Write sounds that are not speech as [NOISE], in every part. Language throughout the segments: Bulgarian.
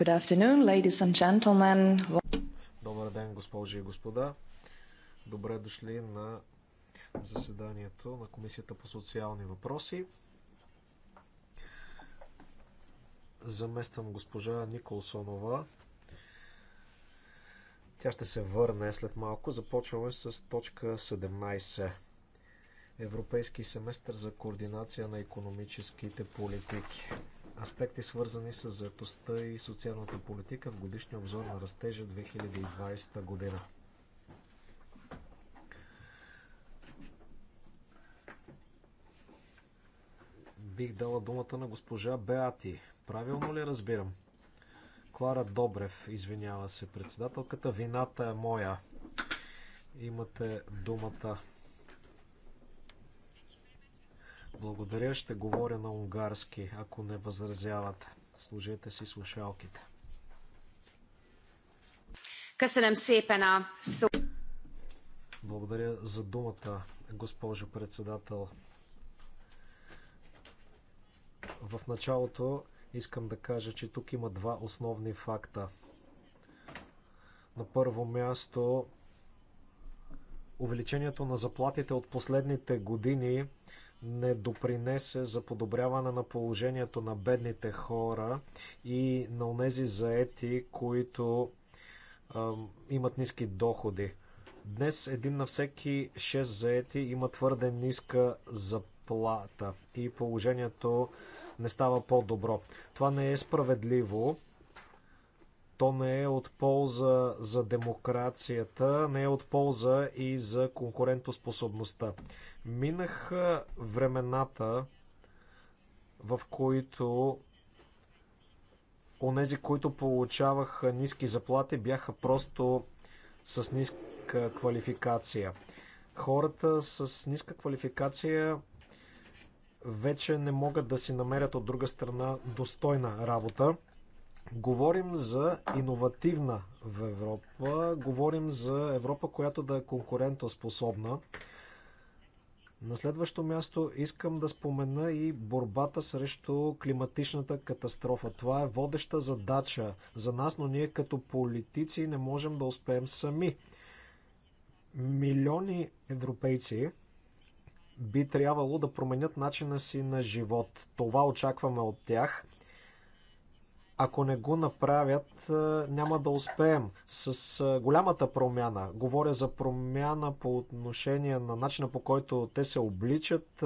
Good afternoon, ladies and gentlemen. Добър ден, госпожи и господа. Добре дошли на заседанието на Комисията по социални въпроси. Замествам госпожа Николсонова. Тя ще се върне след малко. Започваме с точка 17. Европейски семестър за координация на економическите политики аспекти свързани с заетостта и социалната политика в годишния обзор на растежа 2020 година. Бих дала думата на госпожа Беати. Правилно ли разбирам? Клара Добрев, извинява се председателката. Вината е моя. Имате думата. Благодаря, ще говоря на унгарски, ако не възразявате. Служете си слушалките. Благодаря за думата, госпожо председател. В началото искам да кажа, че тук има два основни факта. На първо място, увеличението на заплатите от последните години – не допринесе за подобряване на положението на бедните хора и на онези заети, които а, имат ниски доходи. Днес един на всеки 6 заети има твърде ниска заплата и положението не става по-добро. Това не е справедливо то не е от полза за демокрацията, не е от полза и за конкурентоспособността. Минаха времената, в които онези, които получаваха ниски заплати, бяха просто с ниска квалификация. Хората с ниска квалификация вече не могат да си намерят от друга страна достойна работа. Говорим за иновативна в Европа, говорим за Европа, която да е конкурентоспособна. На следващо място искам да спомена и борбата срещу климатичната катастрофа. Това е водеща задача за нас, но ние като политици не можем да успеем сами. Милиони европейци би трябвало да променят начина си на живот. Това очакваме от тях – ако не го направят, няма да успеем. С голямата промяна, говоря за промяна по отношение на начина по който те се обличат,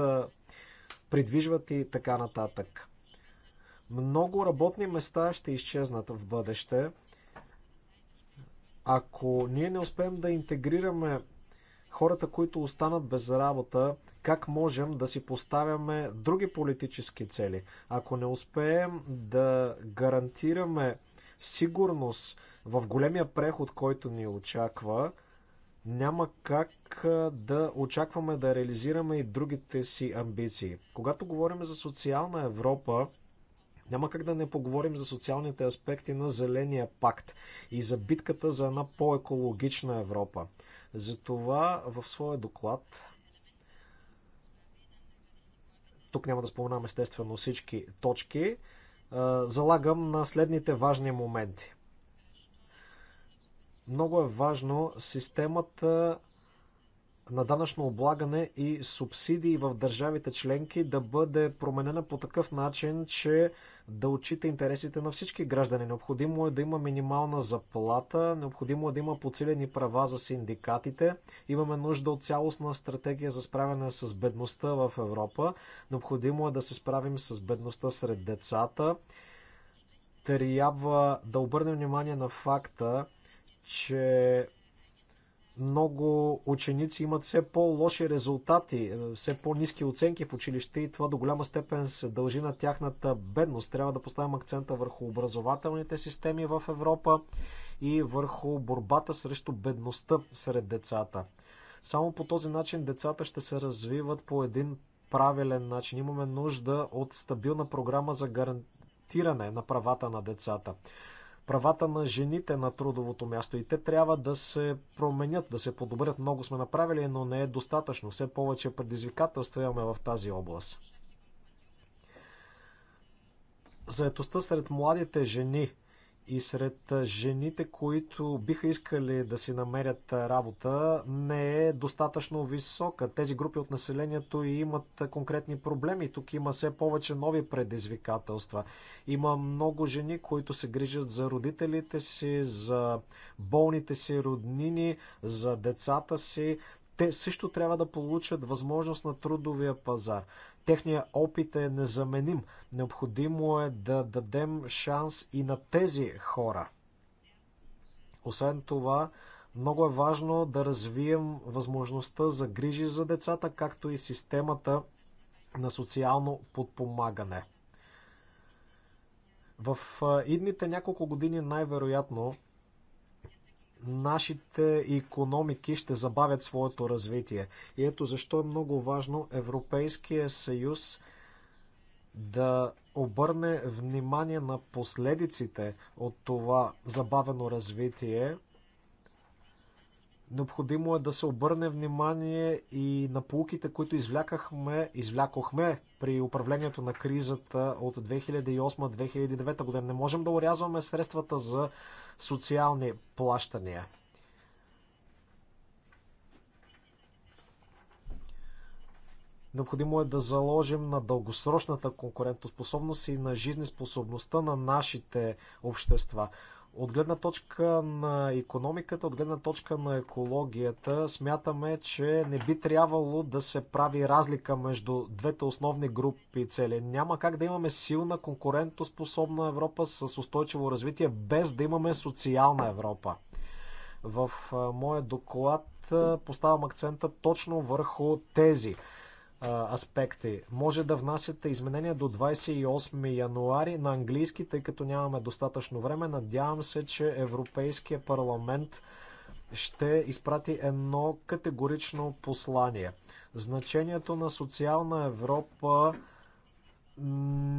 придвижват и така нататък. Много работни места ще изчезнат в бъдеще. Ако ние не успеем да интегрираме хората, които останат без работа, как можем да си поставяме други политически цели. Ако не успеем да гарантираме сигурност в големия преход, който ни очаква, няма как да очакваме да реализираме и другите си амбиции. Когато говорим за социална Европа, няма как да не поговорим за социалните аспекти на Зеления пакт и за битката за една по-екологична Европа. Затова в своя доклад тук няма да споменам естествено всички точки, залагам на следните важни моменти. Много е важно системата на данъчно облагане и субсидии в държавите членки да бъде променена по такъв начин, че да отчита интересите на всички граждани. Необходимо е да има минимална заплата, необходимо е да има подсилени права за синдикатите, имаме нужда от цялостна стратегия за справяне с бедността в Европа, необходимо е да се справим с бедността сред децата. Трябва да обърнем внимание на факта, че много ученици имат все по-лоши резултати, е, все по-низки оценки в училище и това до голяма степен се дължи на тяхната бедност. Трябва да поставим акцента върху образователните системи в Европа и върху борбата срещу бедността сред децата. Само по този начин децата ще се развиват по един правилен начин. Имаме нужда от стабилна програма за гарантиране на правата на децата правата на жените на трудовото място. И те трябва да се променят, да се подобрят. Много сме направили, но не е достатъчно. Все повече предизвикателства имаме в тази област. Заетостта сред младите жени и сред жените, които биха искали да си намерят работа, не е достатъчно висока. Тези групи от населението и имат конкретни проблеми. Тук има все повече нови предизвикателства. Има много жени, които се грижат за родителите си, за болните си роднини, за децата си. Те също трябва да получат възможност на трудовия пазар. Техният опит е незаменим. Необходимо е да дадем шанс и на тези хора. Освен това, много е важно да развием възможността за грижи за децата, както и системата на социално подпомагане. В идните няколко години най-вероятно нашите економики ще забавят своето развитие. И ето защо е много важно Европейския съюз да обърне внимание на последиците от това забавено развитие. Необходимо е да се обърне внимание и на полуките, които извлякахме, извлякохме при управлението на кризата от 2008-2009 година. Не можем да урязваме средствата за социални плащания. Необходимо е да заложим на дългосрочната конкурентоспособност и на жизнеспособността на нашите общества. От гледна точка на економиката, от гледна точка на екологията, смятаме, че не би трябвало да се прави разлика между двете основни групи цели. Няма как да имаме силна, конкурентоспособна Европа с устойчиво развитие, без да имаме социална Европа. В моя доклад поставям акцента точно върху тези аспекти. Може да внасяте изменения до 28 януари на английски, тъй като нямаме достатъчно време. Надявам се, че Европейския парламент ще изпрати едно категорично послание. Значението на социална Европа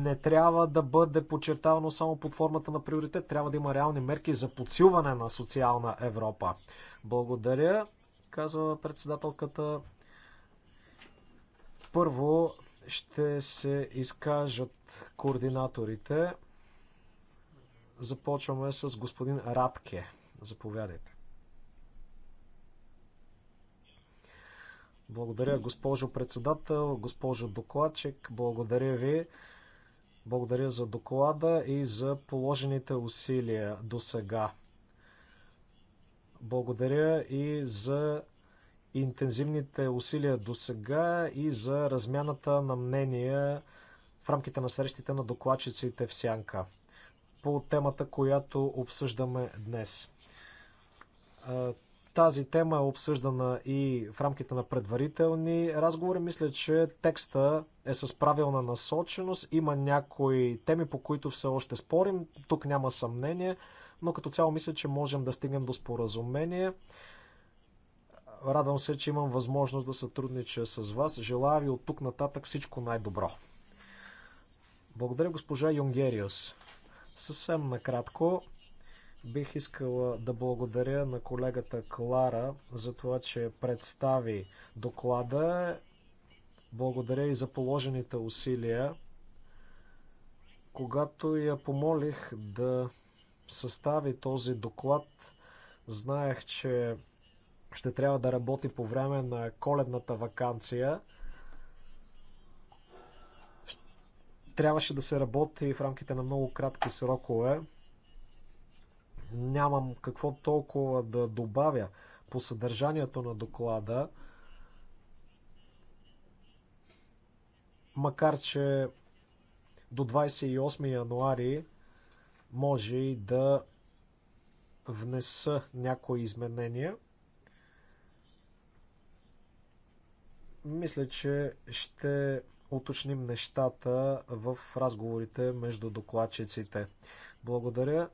не трябва да бъде подчертавано само под формата на приоритет. Трябва да има реални мерки за подсилване на социална Европа. Благодаря, казва председателката. Първо ще се изкажат координаторите. Започваме с господин Радке. Заповядайте. Благодаря, госпожо председател, госпожо докладчик. Благодаря ви. Благодаря за доклада и за положените усилия до сега. Благодаря и за интензивните усилия до сега и за размяната на мнения в рамките на срещите на докладчиците в Сянка по темата, която обсъждаме днес. Тази тема е обсъждана и в рамките на предварителни разговори. Мисля, че текста е с правилна насоченост. Има някои теми, по които все още спорим. Тук няма съмнение, но като цяло мисля, че можем да стигнем до споразумение. Радвам се, че имам възможност да сътруднича с вас. Желая ви от тук нататък всичко най-добро. Благодаря, госпожа Юнгериус. Съвсем накратко бих искала да благодаря на колегата Клара за това, че представи доклада. Благодаря и за положените усилия. Когато я помолих да състави този доклад, знаех, че ще трябва да работи по време на коледната вакансия. Трябваше да се работи в рамките на много кратки срокове. Нямам какво толкова да добавя по съдържанието на доклада, макар че до 28 януари може и да внеса някои изменения. Мисля, че ще уточним нещата в разговорите между докладчиците. Благодаря.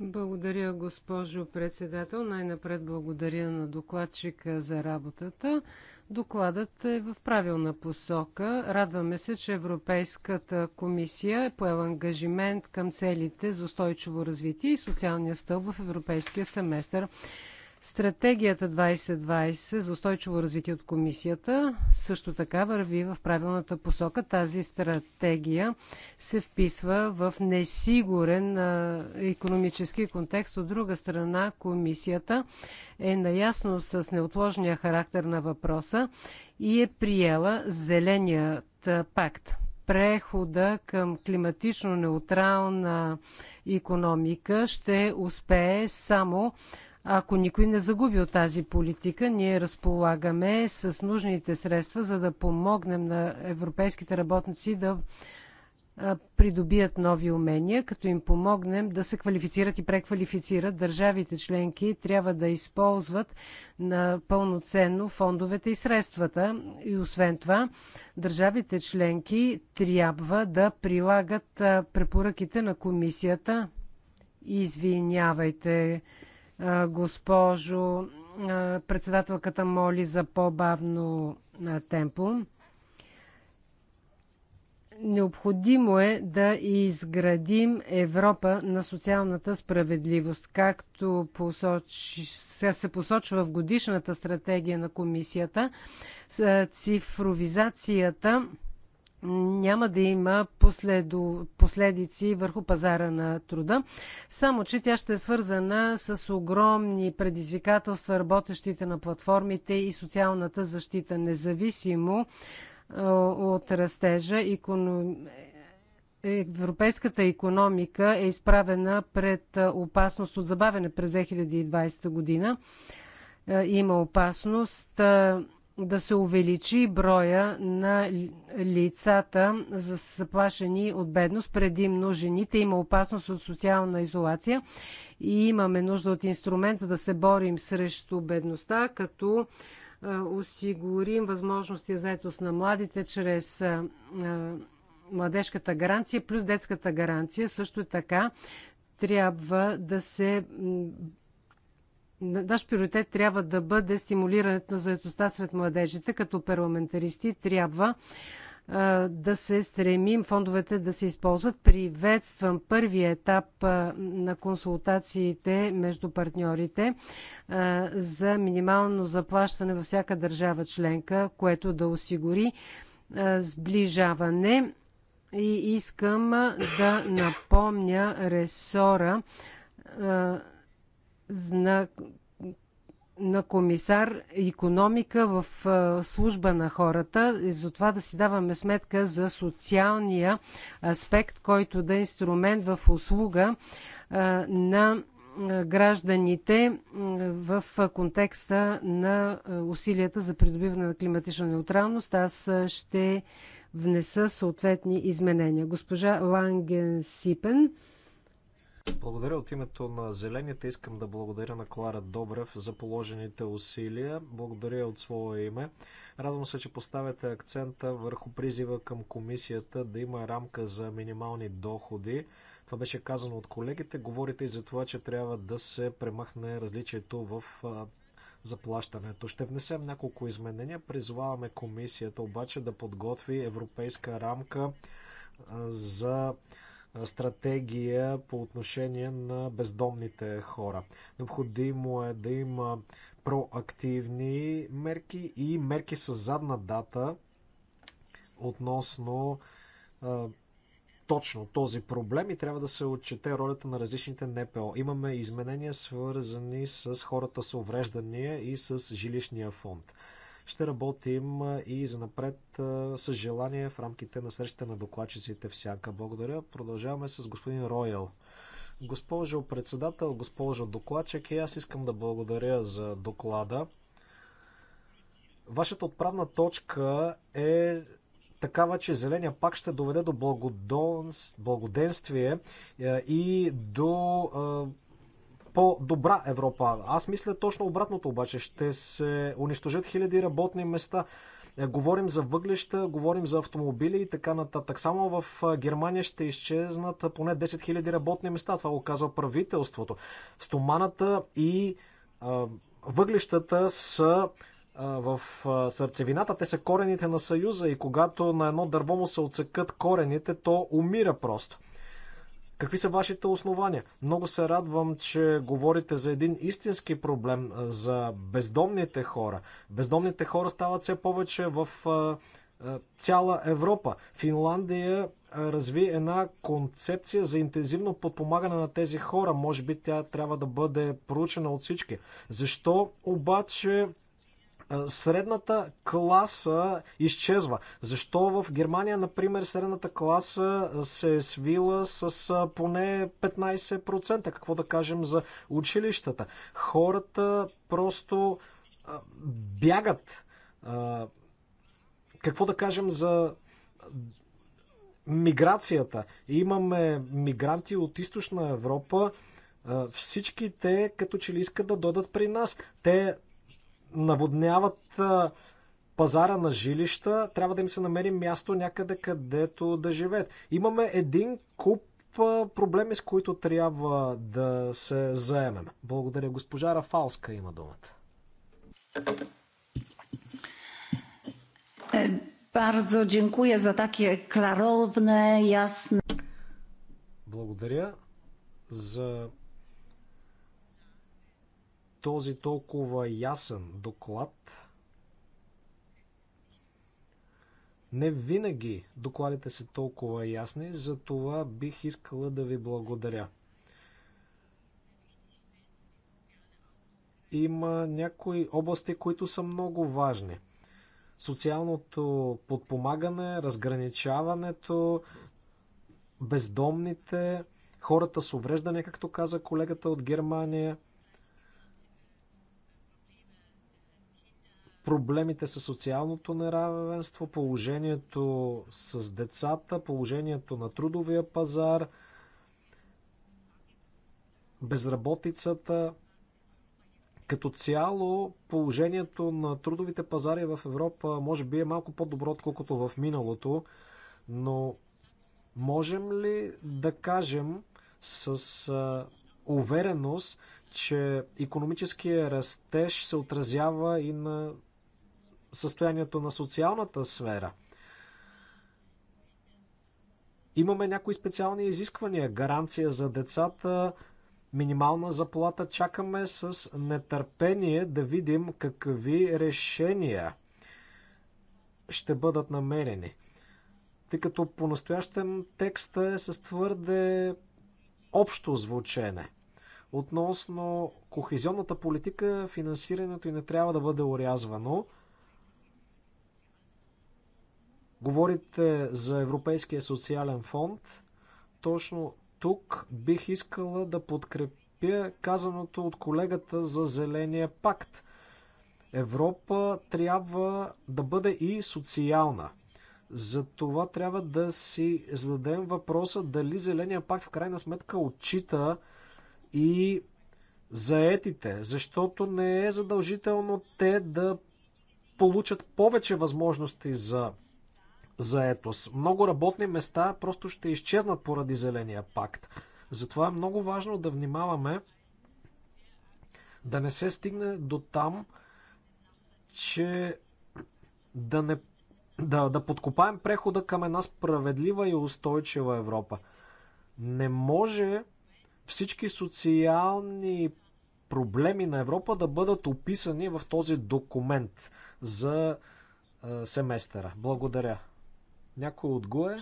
Благодаря, госпожо председател. Най-напред благодаря на докладчика за работата. Докладът е в правилна посока. Радваме се, че Европейската комисия е поела ангажимент към целите за устойчиво развитие и социалния стълб в Европейския семестър. Стратегията 2020 за устойчиво развитие от комисията също така върви в правилната посока. Тази стратегия се вписва в несигурен економически контекст. От друга страна, комисията е наясно с неотложния характер на въпроса и е приела Зеленият пакт прехода към климатично неутрална економика ще успее само ако никой не загуби от тази политика, ние разполагаме с нужните средства, за да помогнем на европейските работници да придобият нови умения, като им помогнем да се квалифицират и преквалифицират. Държавите членки трябва да използват на пълноценно фондовете и средствата. И освен това, държавите членки трябва да прилагат препоръките на комисията. Извинявайте, Госпожо председателката моли за по-бавно темпо. Необходимо е да изградим Европа на социалната справедливост, както посоч... се посочва в годишната стратегия на комисията. Цифровизацията няма да има последо, последици върху пазара на труда, само че тя ще е свързана с огромни предизвикателства работещите на платформите и социалната защита, независимо от растежа. Е, европейската економика е изправена пред опасност от забавене през 2020 година. Има опасност да се увеличи броя на лицата за заплашени от бедност, предимно жените. Има опасност от социална изолация и имаме нужда от инструмент, за да се борим срещу бедността, като осигурим възможности за етост на младите чрез младежката гаранция плюс детската гаранция. Също така трябва да се Наш приоритет трябва да бъде стимулирането на заедостта сред младежите. Като парламентаристи трябва да се стремим фондовете да се използват. Приветствам първия етап на консултациите между партньорите за минимално заплащане във всяка държава членка, което да осигури сближаване. И искам да напомня ресора на, на комисар економика в служба на хората и затова да си даваме сметка за социалния аспект, който да е инструмент в услуга на гражданите в контекста на усилията за придобиване на климатична неутралност. Аз ще внеса съответни изменения. Госпожа Ланген Сипен благодаря от името на Зелените. Искам да благодаря на Клара Добрев за положените усилия. Благодаря от своя име. Радвам се, че поставяте акцента върху призива към комисията да има рамка за минимални доходи. Това беше казано от колегите. Говорите и за това, че трябва да се премахне различието в заплащането. Ще внесем няколко изменения. Призоваваме комисията обаче да подготви европейска рамка за стратегия по отношение на бездомните хора. Необходимо е да има проактивни мерки и мерки с задна дата относно точно този проблем и трябва да се отчете ролята на различните НПО. Имаме изменения свързани с хората с увреждания и с жилищния фонд. Ще работим и занапред с желание в рамките на срещата на докладчиците в Сянка. Благодаря. Продължаваме с господин Роял. Госпожо председател, госпожо докладчик, и аз искам да благодаря за доклада. Вашата отправна точка е такава, че зеления пак ще доведе до благоденствие и до по-добра Европа. Аз мисля точно обратното обаче. Ще се унищожат хиляди работни места. Е, говорим за въглища, говорим за автомобили и така нататък. Само в е, Германия ще изчезнат поне 10 000 работни места. Това го казва правителството. Стоманата и а, е, въглищата са в сърцевината, те са корените на Съюза и когато на едно дърво му се отсекат корените, то умира просто. Какви са вашите основания? Много се радвам, че говорите за един истински проблем за бездомните хора. Бездомните хора стават все повече в цяла Европа. Финландия разви една концепция за интензивно подпомагане на тези хора. Може би тя трябва да бъде проучена от всички. Защо обаче средната класа изчезва. Защо в Германия, например, средната класа се е свила с поне 15%? Какво да кажем за училищата? Хората просто бягат. Какво да кажем за миграцията? Имаме мигранти от източна Европа, всички те като че ли искат да дойдат при нас. Те наводняват пазара на жилища, трябва да им се намери място някъде където да живеят. Имаме един куп проблеми, с които трябва да се заемем. Благодаря. Госпожа Рафалска има думата. Бързо е, dziękuję за таки кларовне, jasne. Благодаря за този толкова ясен доклад. Не винаги докладите са толкова ясни, за това бих искала да ви благодаря. Има някои области, които са много важни. Социалното подпомагане, разграничаването, бездомните, хората с увреждане, както каза колегата от Германия – проблемите с социалното неравенство, положението с децата, положението на трудовия пазар, безработицата. Като цяло, положението на трудовите пазари в Европа може би е малко по-добро, отколкото в миналото, но можем ли да кажем с увереност, че економическия растеж се отразява и на състоянието на социалната сфера. Имаме някои специални изисквания, гаранция за децата, минимална заплата. Чакаме с нетърпение да видим какви решения ще бъдат намерени. Тъй като по-настоящем текста е с твърде общо звучене. Относно кохезионната политика, финансирането и не трябва да бъде урязвано. Говорите за Европейския социален фонд. Точно тук бих искала да подкрепя казаното от колегата за Зеления пакт. Европа трябва да бъде и социална. За това трябва да си зададем въпроса дали Зеления пакт в крайна сметка отчита и заетите, защото не е задължително те да получат повече възможности за заетост. Много работни места просто ще изчезнат поради Зеления пакт. Затова е много важно да внимаваме да не се стигне до там, че да, не, да, да подкопаем прехода към една справедлива и устойчива Европа. Не може всички социални проблеми на Европа да бъдат описани в този документ за е, семестъра. Благодаря. Някой отгоре.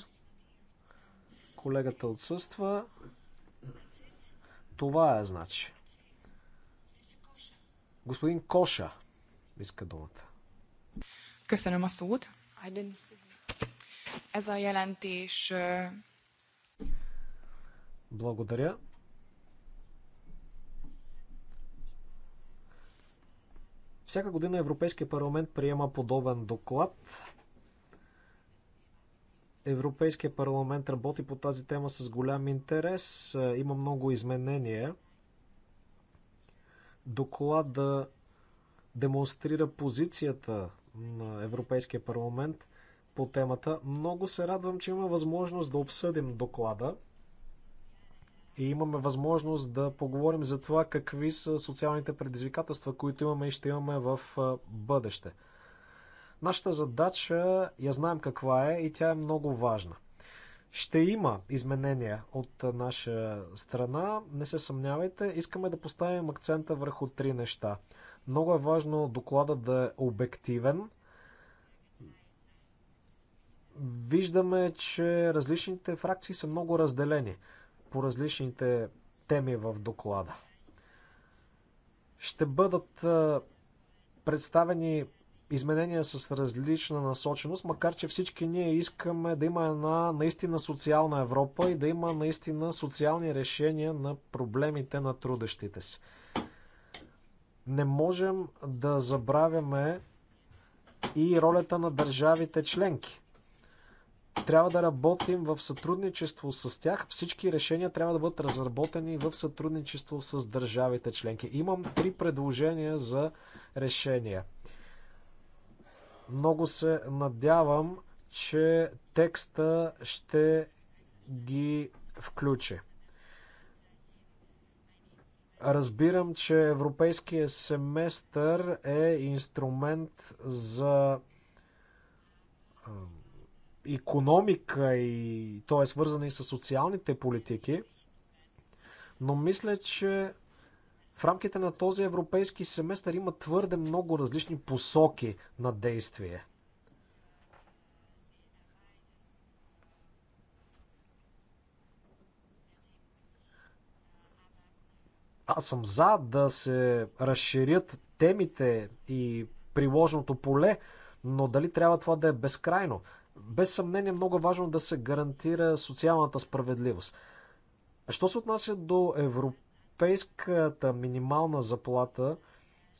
Колегата отсъства. Това е, значи. Господин Коша иска думата. Köszönöm a szót. Ez a jelentés... Благодаря. Всяка година Европейския парламент приема подобен доклад Европейския парламент работи по тази тема с голям интерес. Е, има много изменения. Доклада демонстрира позицията на Европейския парламент по темата. Много се радвам, че има възможност да обсъдим доклада и имаме възможност да поговорим за това какви са социалните предизвикателства, които имаме и ще имаме в е, бъдеще. Нашата задача я знаем каква е и тя е много важна. Ще има изменения от наша страна, не се съмнявайте. Искаме да поставим акцента върху три неща. Много е важно доклада да е обективен. Виждаме, че различните фракции са много разделени по различните теми в доклада. Ще бъдат представени изменения с различна насоченост, макар че всички ние искаме да има една наистина социална Европа и да има наистина социални решения на проблемите на трудещите си. Не можем да забравяме и ролята на държавите членки. Трябва да работим в сътрудничество с тях. Всички решения трябва да бъдат разработени в сътрудничество с държавите членки. Имам три предложения за решения. Много се надявам, че текста ще ги включи. Разбирам, че Европейския семестър е инструмент за економика и то е свързано и с социалните политики, но мисля, че в рамките на този европейски семестър има твърде много различни посоки на действие. Аз съм за да се разширят темите и приложното поле, но дали трябва това да е безкрайно? Без съмнение много важно да се гарантира социалната справедливост. Що се отнася до европейските европейската минимална заплата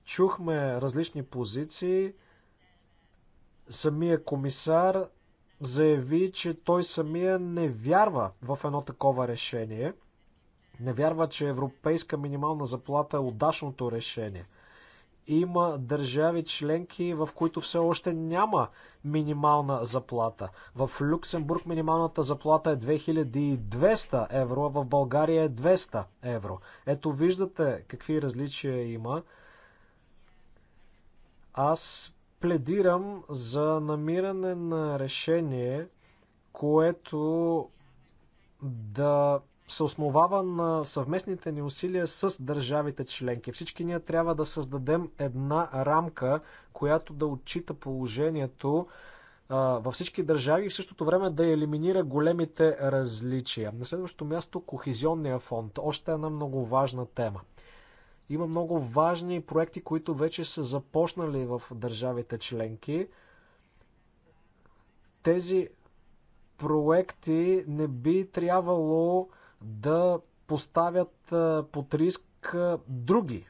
чухме различни позиции. Самия комисар заяви, че той самия не вярва в едно такова решение. Не вярва, че европейска минимална заплата е удачното решение. Има държави членки, в които все още няма минимална заплата. В Люксембург минималната заплата е 2200 евро, а в България е 200 евро. Ето виждате какви различия има. Аз пледирам за намиране на решение, което да се основава на съвместните ни усилия с държавите членки. Всички ние трябва да създадем една рамка, която да отчита положението във всички държави и в същото време да елиминира големите различия. На следващото място Кохизионния фонд. Още една много важна тема. Има много важни проекти, които вече са започнали в държавите членки. Тези проекти не би трябвало да поставят под риск други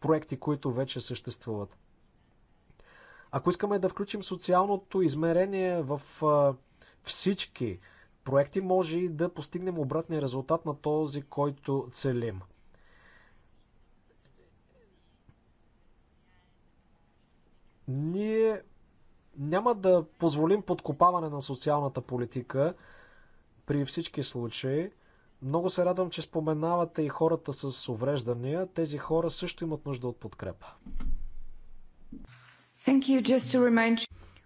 проекти, които вече съществуват. Ако искаме да включим социалното измерение в всички проекти, може и да постигнем обратния резултат на този, който целим. Ние няма да позволим подкопаване на социалната политика при всички случаи. Много се радвам, че споменавате и хората с увреждания. Тези хора също имат нужда от подкрепа.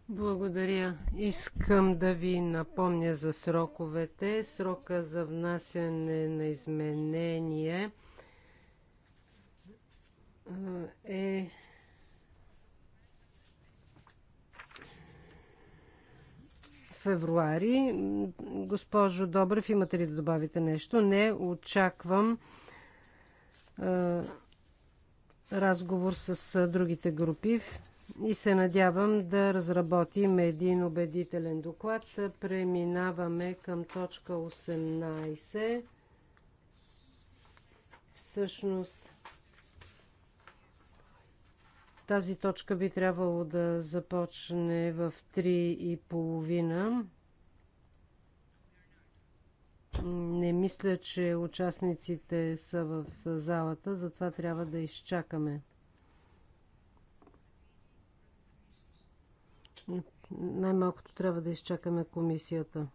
Благодаря. Искам да ви напомня за сроковете. Срока за внасяне на изменение е февруари. Госпожо Добрев, имате ли да добавите нещо? Не, очаквам разговор с другите групи и се надявам да разработим един убедителен доклад. Преминаваме към точка 18. Всъщност, тази точка би трябвало да започне в 3 и половина. Не мисля, че участниците са в залата, затова трябва да изчакаме. Най-малкото трябва да изчакаме комисията.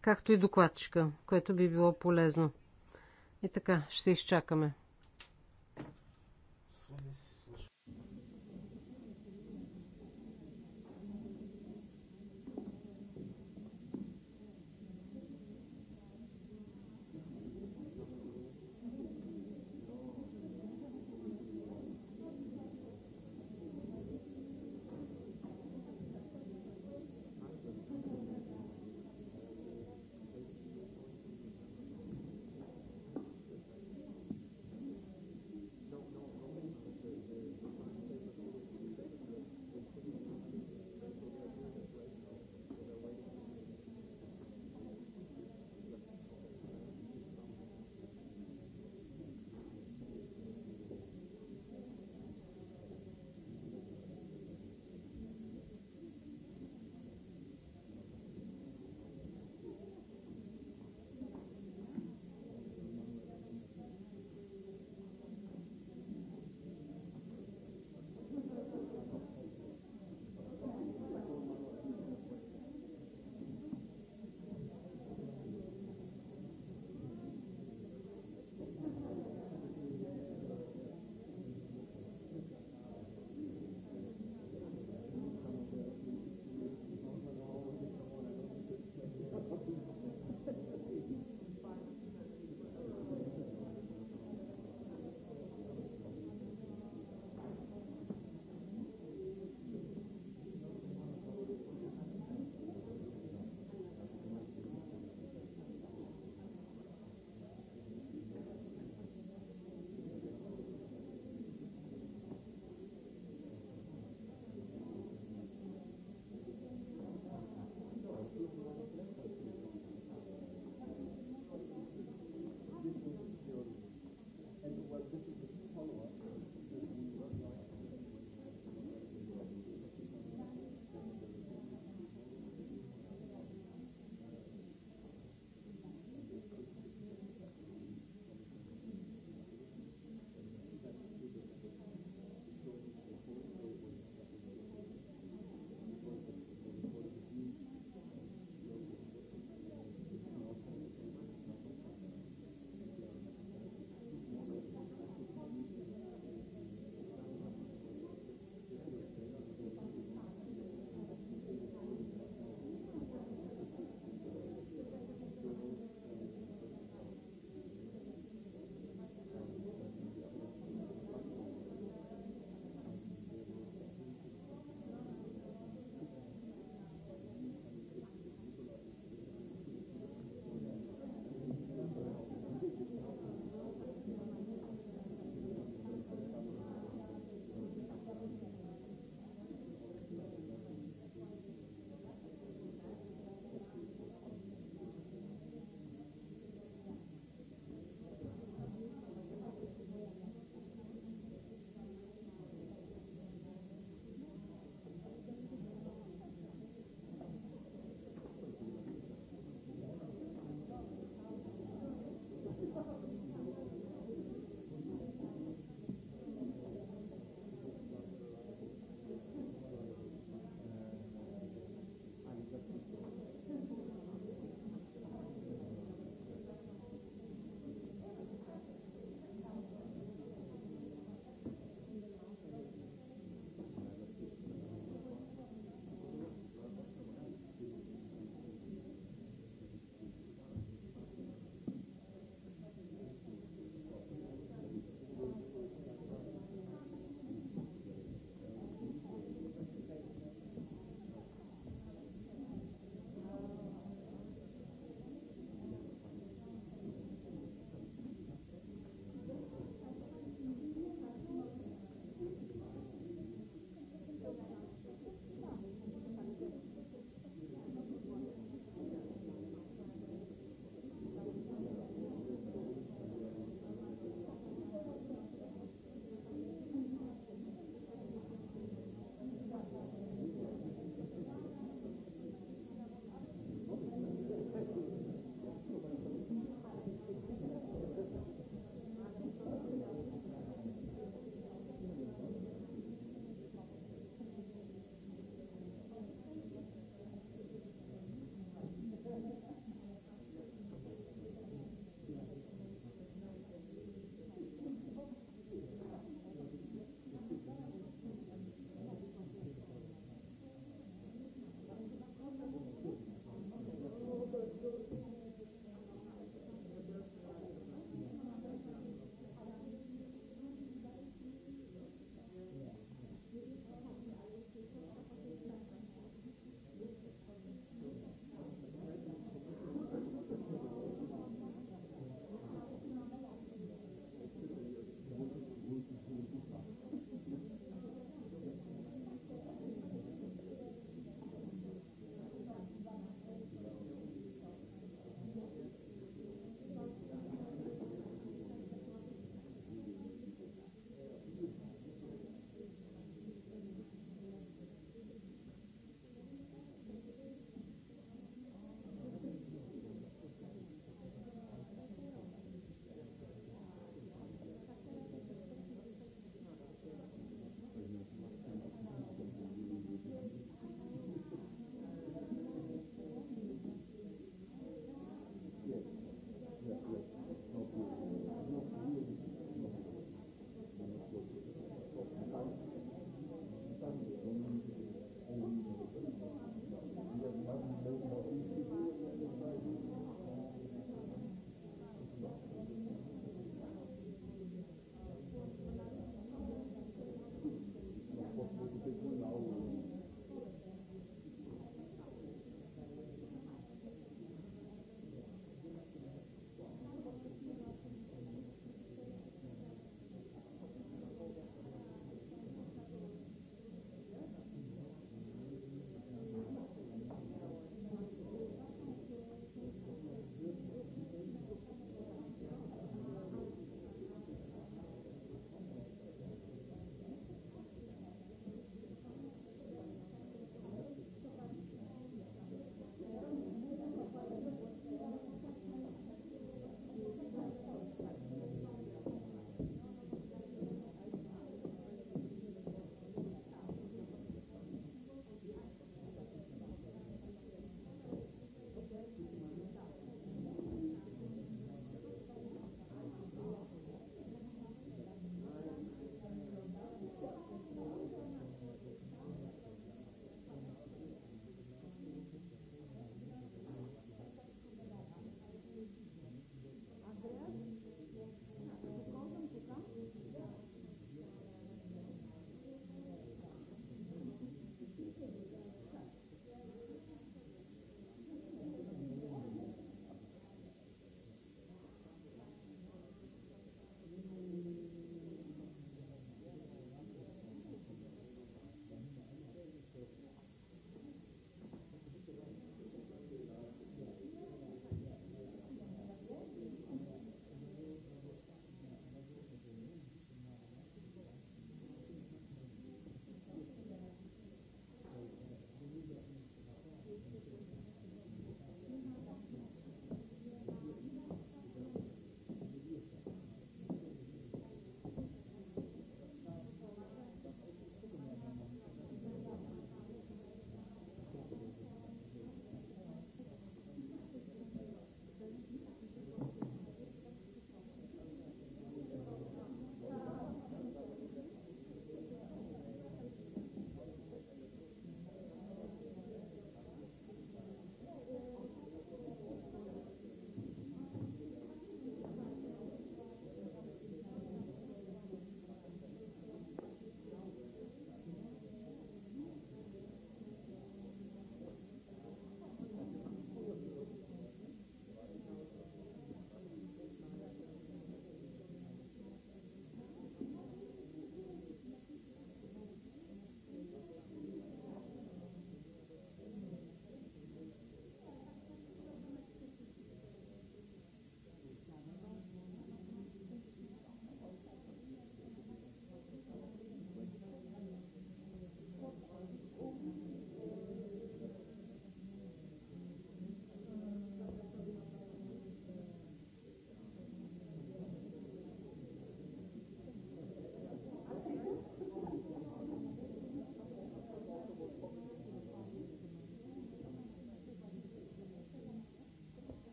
Както и докладчика, което би било полезно. И така, ще изчакаме.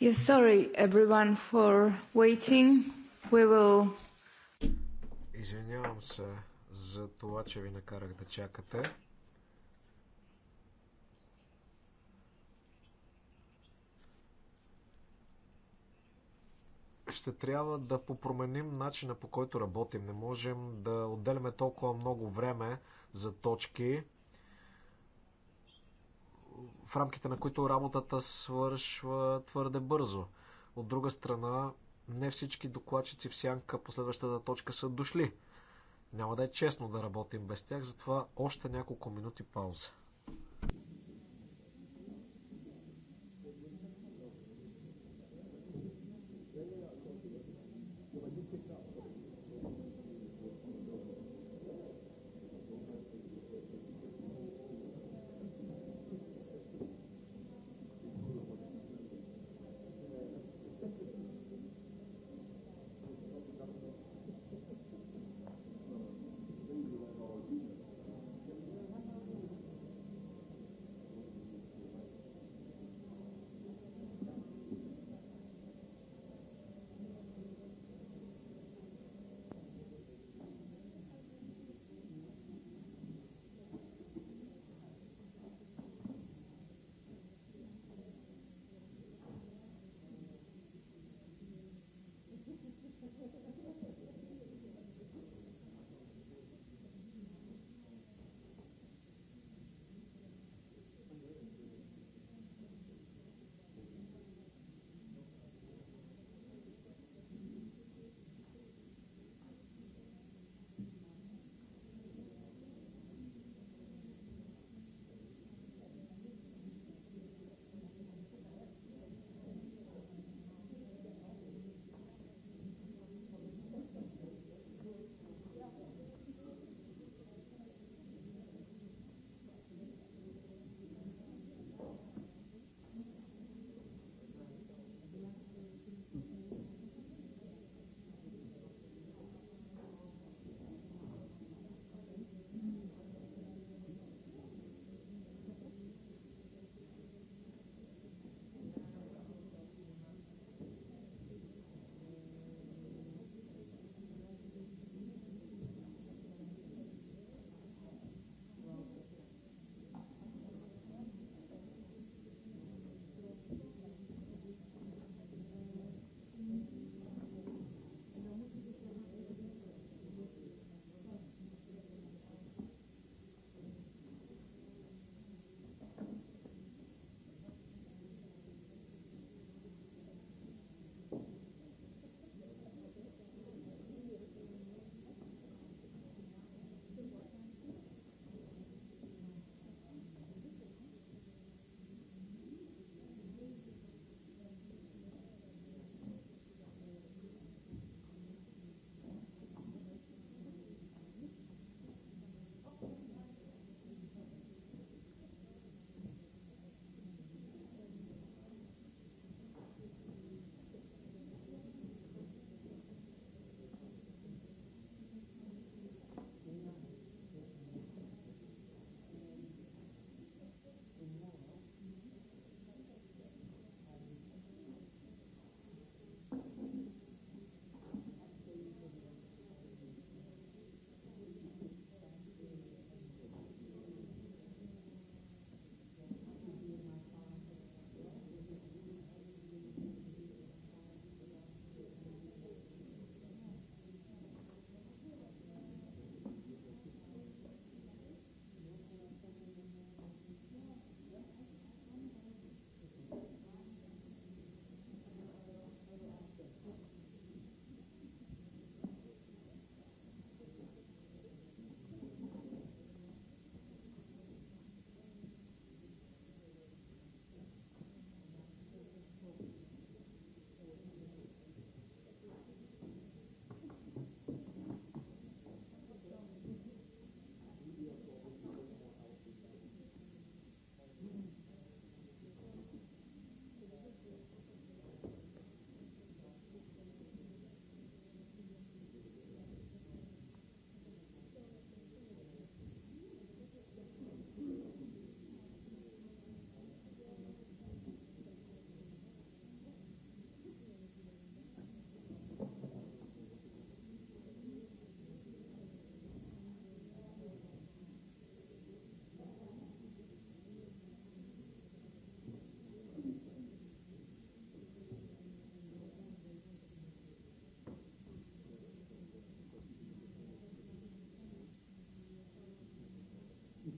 sorry everyone for waiting. We will... Извинявам се за това, че ви накарах да чакате. ще трябва да попроменим начина по който работим. Не можем да отделяме толкова много време за точки рамките на които работата свършва твърде бързо. От друга страна, не всички докладчици в сянка по следващата точка са дошли. Няма да е честно да работим без тях, затова още няколко минути пауза.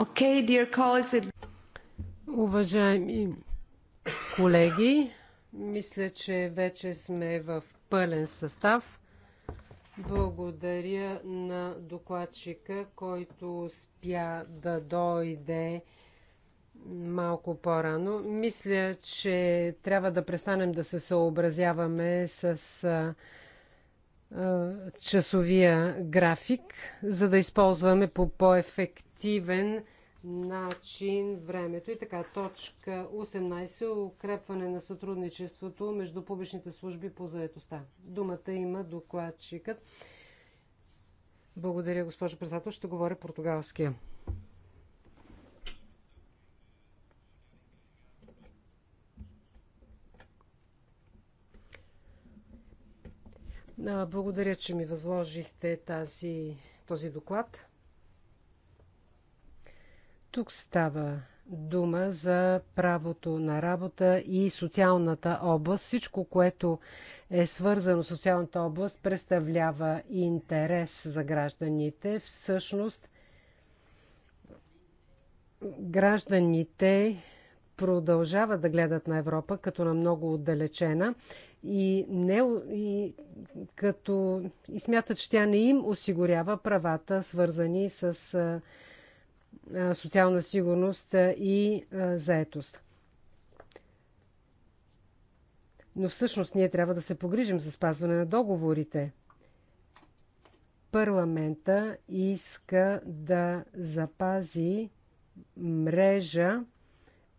Okay, dear colleagues, it... Уважаеми колеги, мисля, че вече сме в пълен състав. Благодаря на докладчика, който успя да дойде малко по-рано. Мисля, че трябва да престанем да се съобразяваме с часовия график, за да използваме по по-ефект ефективен начин времето. И така, точка 18. Е укрепване на сътрудничеството между публичните служби по заедостта. Думата има докладчикът. Благодаря, госпожо председател. Ще говоря португалския. Благодаря, че ми възложихте тази, този доклад. Тук става дума за правото на работа и социалната област. Всичко, което е свързано с социалната област, представлява интерес за гражданите. Всъщност, гражданите продължават да гледат на Европа като на много отдалечена и, не, и, като, и смятат, че тя не им осигурява правата, свързани с социална сигурност и заетост. Но всъщност ние трябва да се погрижим за спазване на договорите. Парламента иска да запази мрежа,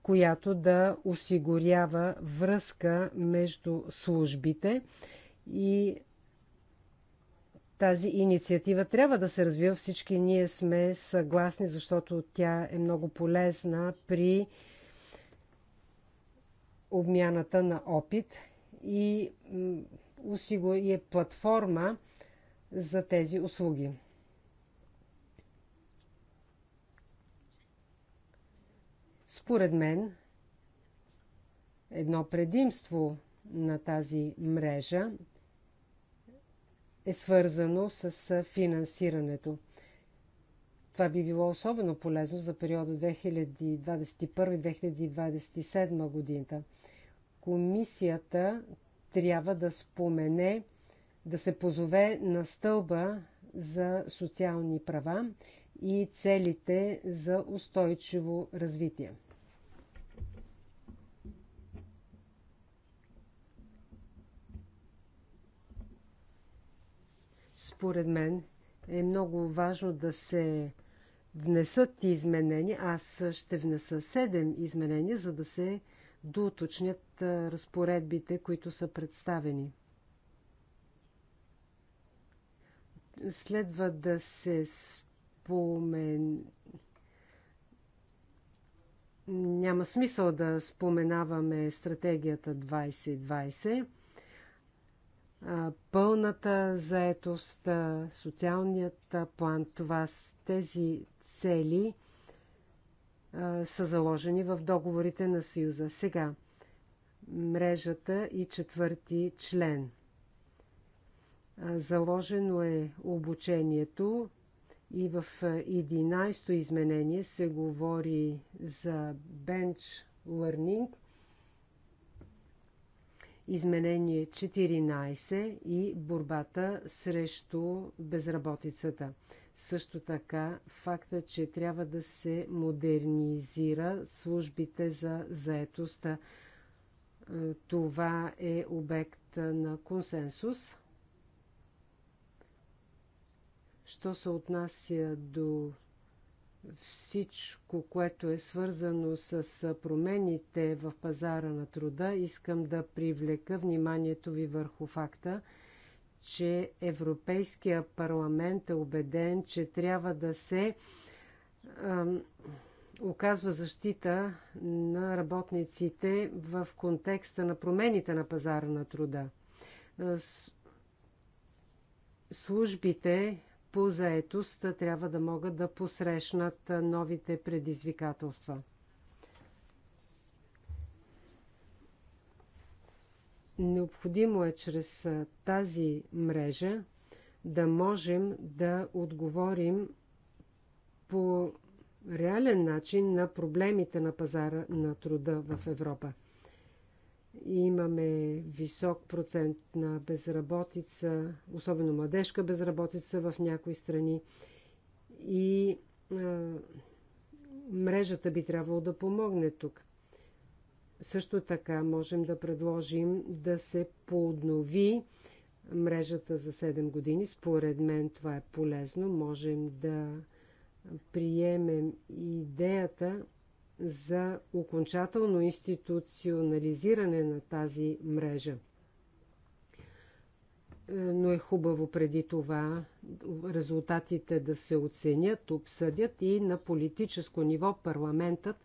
която да осигурява връзка между службите и тази инициатива трябва да се развива. Всички ние сме съгласни, защото тя е много полезна при обмяната на опит и, и е платформа за тези услуги. Според мен, едно предимство на тази мрежа е свързано с финансирането. Това би било особено полезно за периода 2021-2027 година. Комисията трябва да спомене, да се позове на стълба за социални права и целите за устойчиво развитие. Според мен е много важно да се внесат изменения. Аз ще внеса 7 изменения, за да се доуточнят разпоредбите, които са представени. Следва да се спомен... Няма смисъл да споменаваме стратегията 2020 пълната заетост, социалният план, това тези цели са заложени в договорите на Съюза. Сега, мрежата и четвърти член. Заложено е обучението и в 11-то изменение се говори за бенч learning – изменение 14 и борбата срещу безработицата. Също така факта, че трябва да се модернизира службите за заетостта. Това е обект на консенсус. Що се отнася до всичко, което е свързано с промените в пазара на труда, искам да привлека вниманието ви върху факта, че Европейския парламент е убеден, че трябва да се ам, оказва защита на работниците в контекста на промените на пазара на труда. Службите по заетост трябва да могат да посрещнат новите предизвикателства. Необходимо е чрез тази мрежа да можем да отговорим по реален начин на проблемите на пазара на труда в Европа. Имаме висок процент на безработица, особено младежка безработица в някои страни. И а, мрежата би трябвало да помогне тук. Също така можем да предложим да се поднови мрежата за 7 години. Според мен това е полезно. Можем да приемем идеята за окончателно институционализиране на тази мрежа. Е, но е хубаво преди това резултатите да се оценят, обсъдят и на политическо ниво парламентът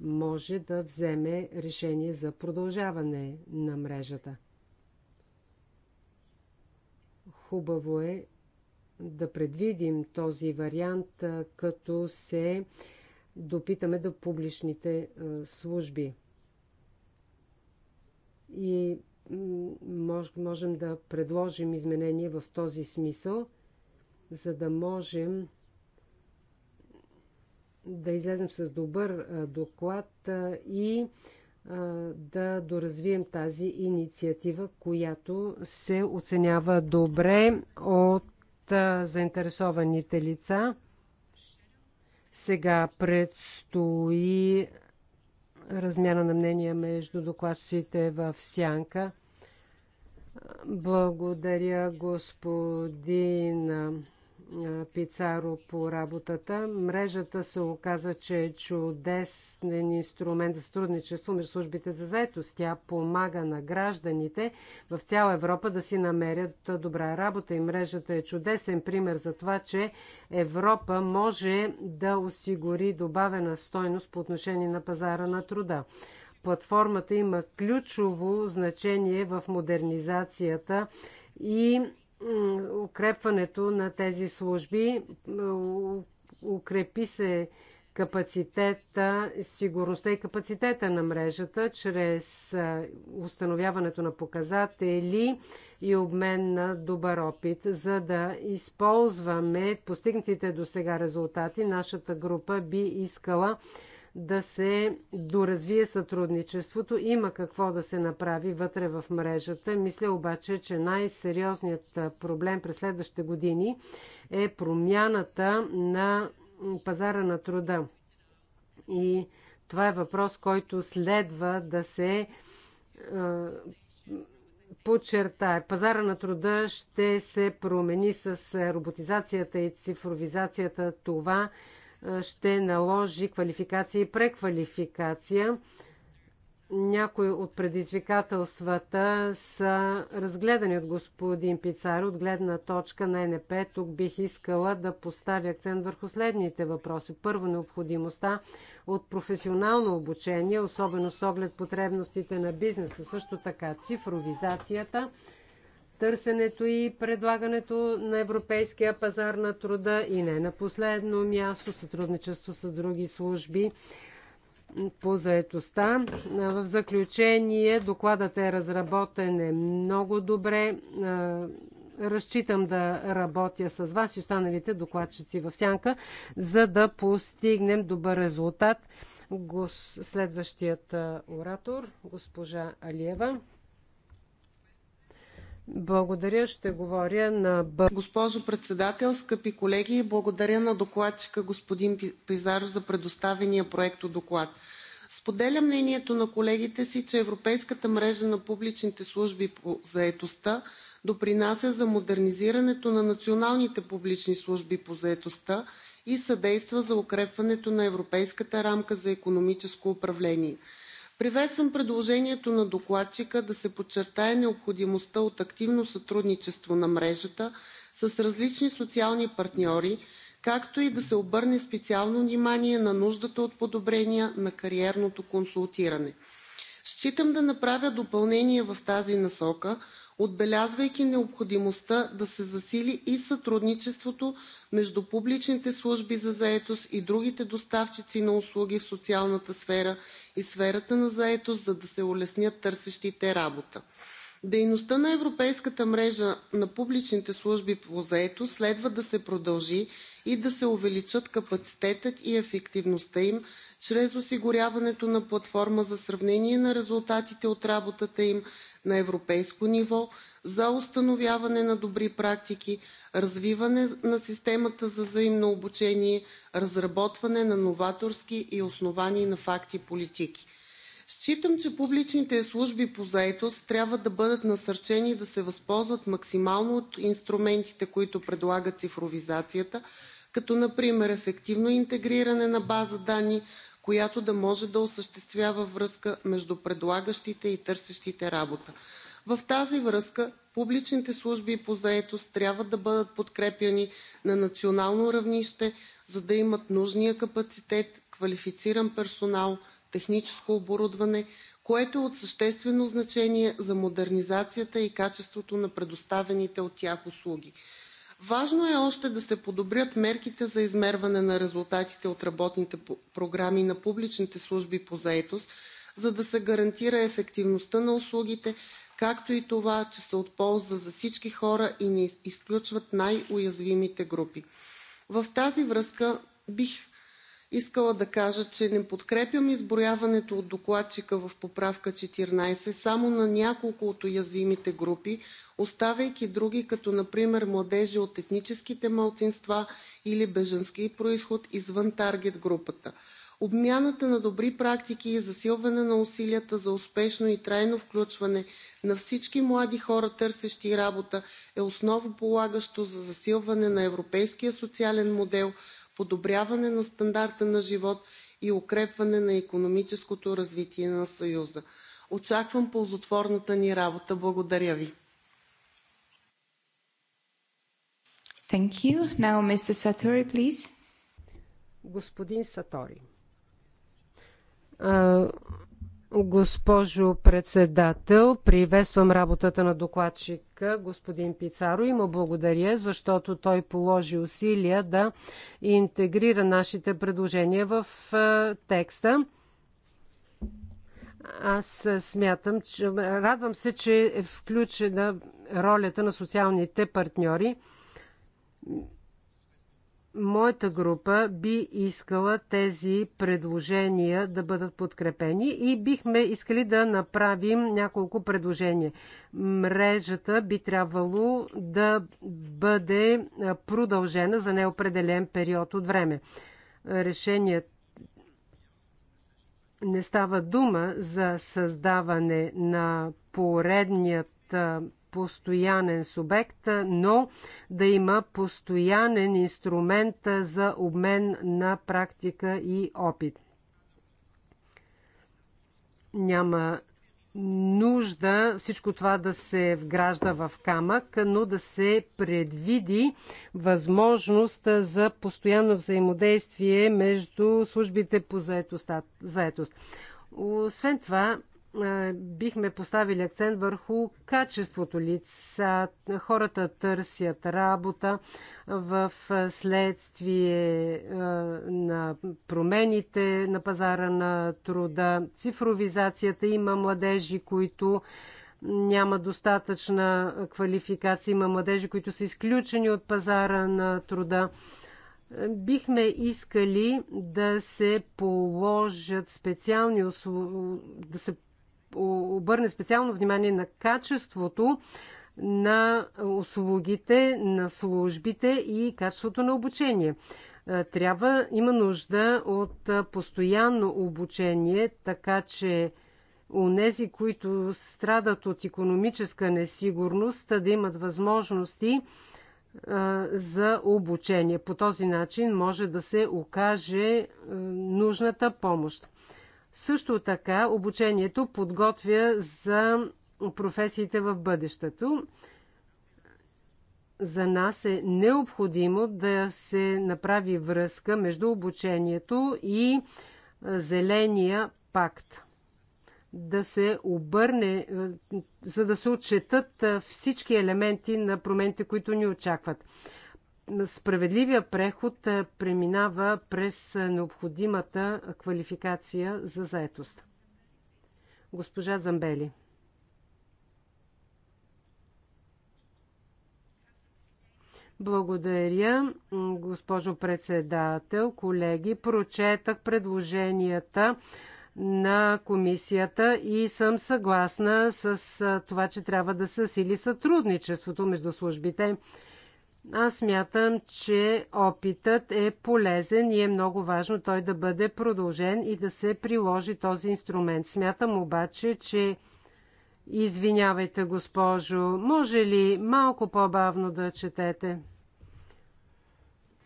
може да вземе решение за продължаване на мрежата. Хубаво е да предвидим този вариант, като се допитаме до публичните служби. И можем да предложим изменения в този смисъл, за да можем да излезем с добър доклад и да доразвием тази инициатива, която се оценява добре от заинтересованите лица. Сега предстои размяна на мнения между докладците в Сянка. Благодаря, господин Пицаро по работата. Мрежата се оказа, че е чудесен инструмент за сътрудничество между службите за заетост. Тя помага на гражданите в цяла Европа да си намерят добра работа. И мрежата е чудесен пример за това, че Европа може да осигури добавена стойност по отношение на пазара на труда. Платформата има ключово значение в модернизацията и укрепването на тези служби. Укрепи се капацитета, сигурността и капацитета на мрежата чрез установяването на показатели и обмен на добър опит. За да използваме постигнатите до сега резултати, нашата група би искала да се доразвие сътрудничеството. Има какво да се направи вътре в мрежата. Мисля обаче, че най-сериозният проблем през следващите години е промяната на пазара на труда. И това е въпрос, който следва да се подчертая, пазара на труда ще се промени с роботизацията и цифровизацията. Това ще наложи квалификация и преквалификация. Някои от предизвикателствата са разгледани от господин Пицар от гледна точка на НП. Тук бих искала да поставя акцент върху следните въпроси. Първо, необходимостта от професионално обучение, особено с оглед потребностите на бизнеса, също така цифровизацията търсенето и предлагането на европейския пазар на труда и не на последно място сътрудничество с други служби по заетостта. В заключение, докладът е разработен е много добре. Разчитам да работя с вас и останалите докладчици в сянка, за да постигнем добър резултат. Следващият оратор, госпожа Алиева. Благодаря, ще говоря на Б. Госпожо председател, скъпи колеги, благодаря на докладчика господин Пизар за предоставения проекто доклад. Споделя мнението на колегите си, че Европейската мрежа на публичните служби по заетостта допринася за модернизирането на националните публични служби по заетостта и съдейства за укрепването на Европейската рамка за економическо управление – Приветствам предложението на докладчика да се подчертае необходимостта от активно сътрудничество на мрежата с различни социални партньори, както и да се обърне специално внимание на нуждата от подобрения на кариерното консултиране. Считам да направя допълнение в тази насока, отбелязвайки необходимостта да се засили и сътрудничеството между публичните служби за заетост и другите доставчици на услуги в социалната сфера и сферата на заетост, за да се улеснят търсещите работа. Дейността на Европейската мрежа на публичните служби по заето следва да се продължи и да се увеличат капацитетът и ефективността им, чрез осигуряването на платформа за сравнение на резултатите от работата им на европейско ниво за установяване на добри практики, развиване на системата за взаимно обучение, разработване на новаторски и основани на факти политики. Считам, че публичните служби по заетост трябва да бъдат насърчени да се възползват максимално от инструментите, които предлага цифровизацията, като например ефективно интегриране на база данни която да може да осъществява връзка между предлагащите и търсещите работа. В тази връзка публичните служби по заетост трябва да бъдат подкрепяни на национално равнище, за да имат нужния капацитет, квалифициран персонал, техническо оборудване, което е от съществено значение за модернизацията и качеството на предоставените от тях услуги. Важно е още да се подобрят мерките за измерване на резултатите от работните програми на публичните служби по заетост, за да се гарантира ефективността на услугите, както и това, че са от полза за всички хора и не изключват най-уязвимите групи. В тази връзка бих искала да кажа, че не подкрепям изброяването от докладчика в поправка 14 само на няколко от уязвимите групи, оставяйки други, като например младежи от етническите малцинства или беженски происход извън таргет групата. Обмяната на добри практики и засилване на усилията за успешно и трайно включване на всички млади хора, търсещи работа, е основополагащо за засилване на европейския социален модел – подобряване на стандарта на живот и укрепване на економическото развитие на Съюза. Очаквам ползотворната ни работа. Благодаря ви. Thank you. Now, Mr. Satori, please. Господин Сатори. Госпожо председател, приветствам работата на докладчика господин Пицаро и му благодаря, защото той положи усилия да интегрира нашите предложения в текста. Аз смятам, че радвам се, че е включена ролята на социалните партньори моята група би искала тези предложения да бъдат подкрепени и бихме искали да направим няколко предложения. Мрежата би трябвало да бъде продължена за неопределен период от време. Решението не става дума за създаване на поредният постоянен субект, но да има постоянен инструмент за обмен на практика и опит. Няма нужда всичко това да се вгражда в камък, но да се предвиди възможност за постоянно взаимодействие между службите по заетост. Освен това, бихме поставили акцент върху качеството лица. Хората търсят работа в следствие на промените на пазара на труда, цифровизацията. Има младежи, които няма достатъчна квалификация, има младежи, които са изключени от пазара на труда бихме искали да се положат специални услу... да се обърне специално внимание на качеството на услугите, на службите и качеството на обучение. Е, трябва, има нужда от постоянно обучение, така че онези, които страдат от економическа несигурност, да имат възможности за обучение. По този начин може да се окаже нужната помощ. Също така обучението подготвя за професиите в бъдещето. За нас е необходимо да се направи връзка между обучението и зеления пакт. Да се обърне, за да се отчетат всички елементи на промените, които ни очакват справедливия преход преминава през необходимата квалификация за заетост. Госпожа Замбели. Благодаря, госпожо председател, колеги. Прочетах предложенията на комисията и съм съгласна с това, че трябва да се сили сътрудничеството между службите. Аз мятам, че опитът е полезен и е много важно той да бъде продължен и да се приложи този инструмент. Смятам обаче, че Извинявайте, госпожо, може ли малко по-бавно да четете?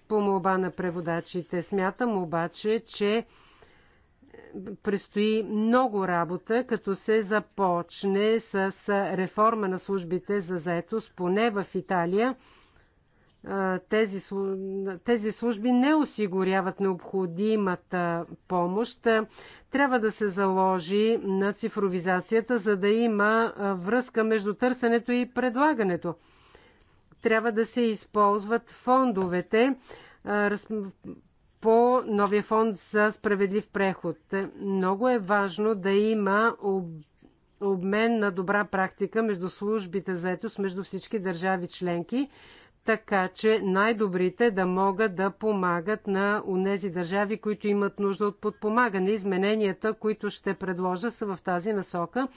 По молба на преводачите. Смятам обаче, че предстои много работа, като се започне с реформа на службите за заетост, поне в Италия тези, тези служби не осигуряват необходимата помощ. Трябва да се заложи на цифровизацията, за да има връзка между търсенето и предлагането. Трябва да се използват фондовете по новия фонд за справедлив преход. Много е важно да има обмен на добра практика между службите за между всички държави членки така че най-добрите да могат да помагат на унези държави, които имат нужда от подпомагане. Измененията, които ще предложа, са в тази насока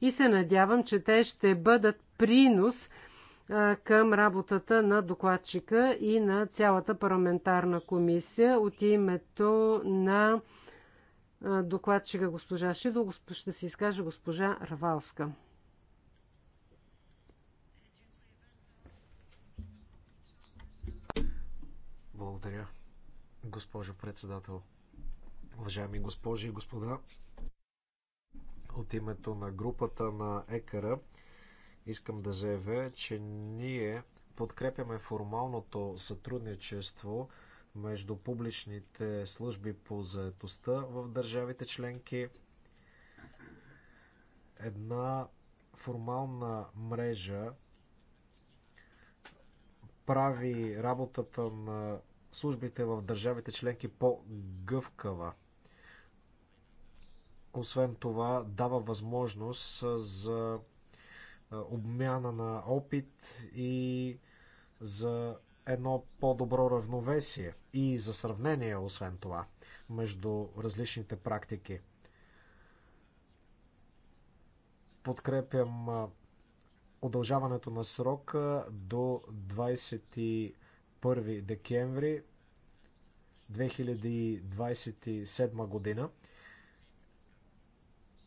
и се надявам, че те ще бъдат принос към работата на докладчика и на цялата парламентарна комисия от името на докладчика госпожа Шидо, ще се изкаже госпожа Равалска. Благодаря, госпожо председател. Уважаеми госпожи и господа, от името на групата на ЕКР искам да заявя, че ние подкрепяме формалното сътрудничество между публичните служби по заетостта в държавите членки. Една формална мрежа прави работата на службите в държавите членки по-гъвкава. Освен това, дава възможност за обмяна на опит и за едно по-добро равновесие и за сравнение, освен това, между различните практики. Подкрепям удължаването на срока до 28 1 декември 2027 година.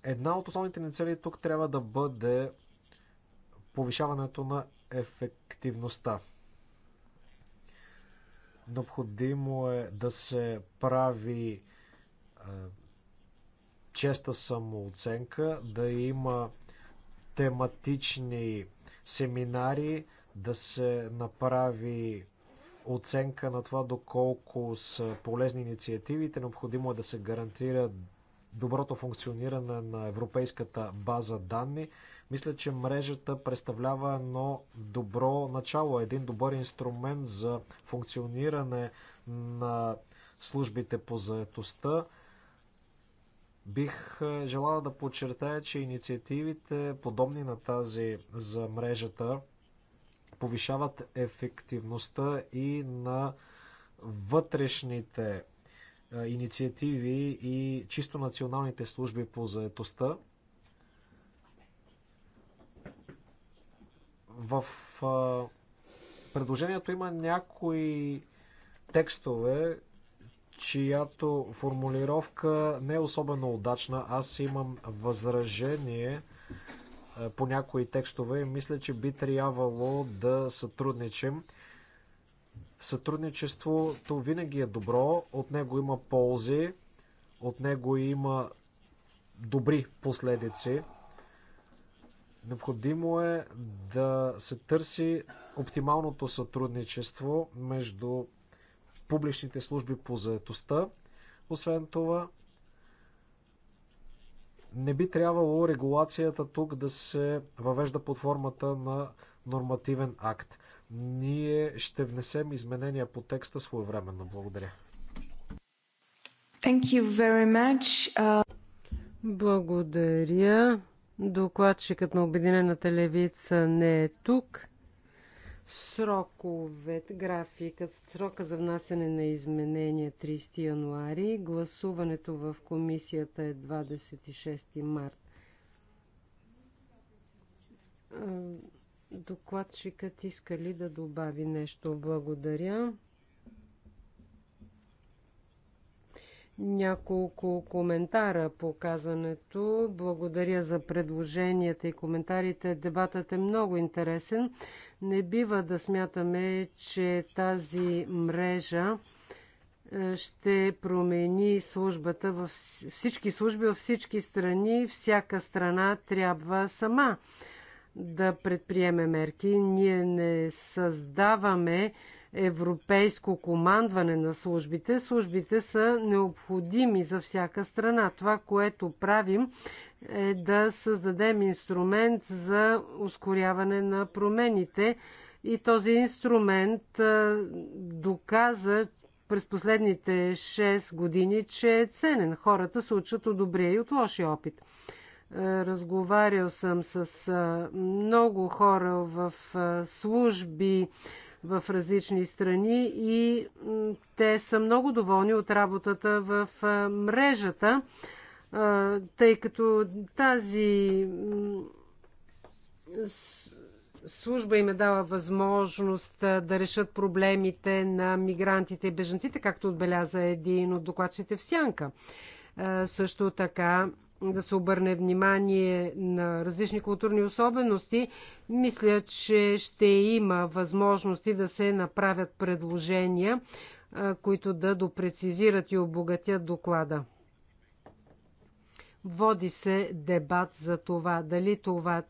Една от основните ни цели тук трябва да бъде повишаването на ефективността. Необходимо е да се прави е, честа самооценка, да има тематични семинари, да се направи оценка на това доколко са полезни инициативите. Необходимо е да се гарантира доброто функциониране на европейската база данни. Мисля, че мрежата представлява едно добро начало, един добър инструмент за функциониране на службите по заетостта. Бих е, желала да подчертая, че инициативите, подобни на тази за мрежата, повишават ефективността и на вътрешните инициативи и чисто националните служби по заетостта. В предложението има някои текстове, чиято формулировка не е особено удачна. Аз имам възражение е, по някои текстове и мисля, че би трябвало да сътрудничим. Сътрудничеството винаги е добро, от него има ползи, от него има добри последици. Необходимо е да се търси оптималното сътрудничество между публичните служби по заетостта. Освен това, не би трябвало регулацията тук да се въвежда под формата на нормативен акт. Ние ще внесем изменения по текста своевременно. Благодаря. Thank you very much. Uh... Благодаря. Докладчикът на Обединената левица не е тук срокове, графикът, срока за внасяне на изменения 30 януари, гласуването в комисията е 26 март. Е, докладчикът иска ли да добави нещо? Благодаря. няколко коментара по казването. Благодаря за предложенията и коментарите. Дебатът е много интересен. Не бива да смятаме, че тази мрежа е, ще промени службата във всички служби, във всички страни. Всяка страна трябва сама да предприеме мерки. Ние не създаваме европейско командване на службите. Службите са необходими за всяка страна. Това, което правим, е да създадем инструмент за ускоряване на промените. И този инструмент доказа през последните 6 години, че е ценен. Хората се учат от добрия и от лошия опит. Разговарял съм с много хора в служби, в различни страни и те са много доволни от работата в мрежата, тъй като тази служба им е дала възможност да решат проблемите на мигрантите и беженците, както отбеляза един от докладчите в Сянка. Също така да се обърне внимание на различни културни особености, мисля, че ще има възможности да се направят предложения, които да допрецизират и обогатят доклада. Води се дебат за това дали, това,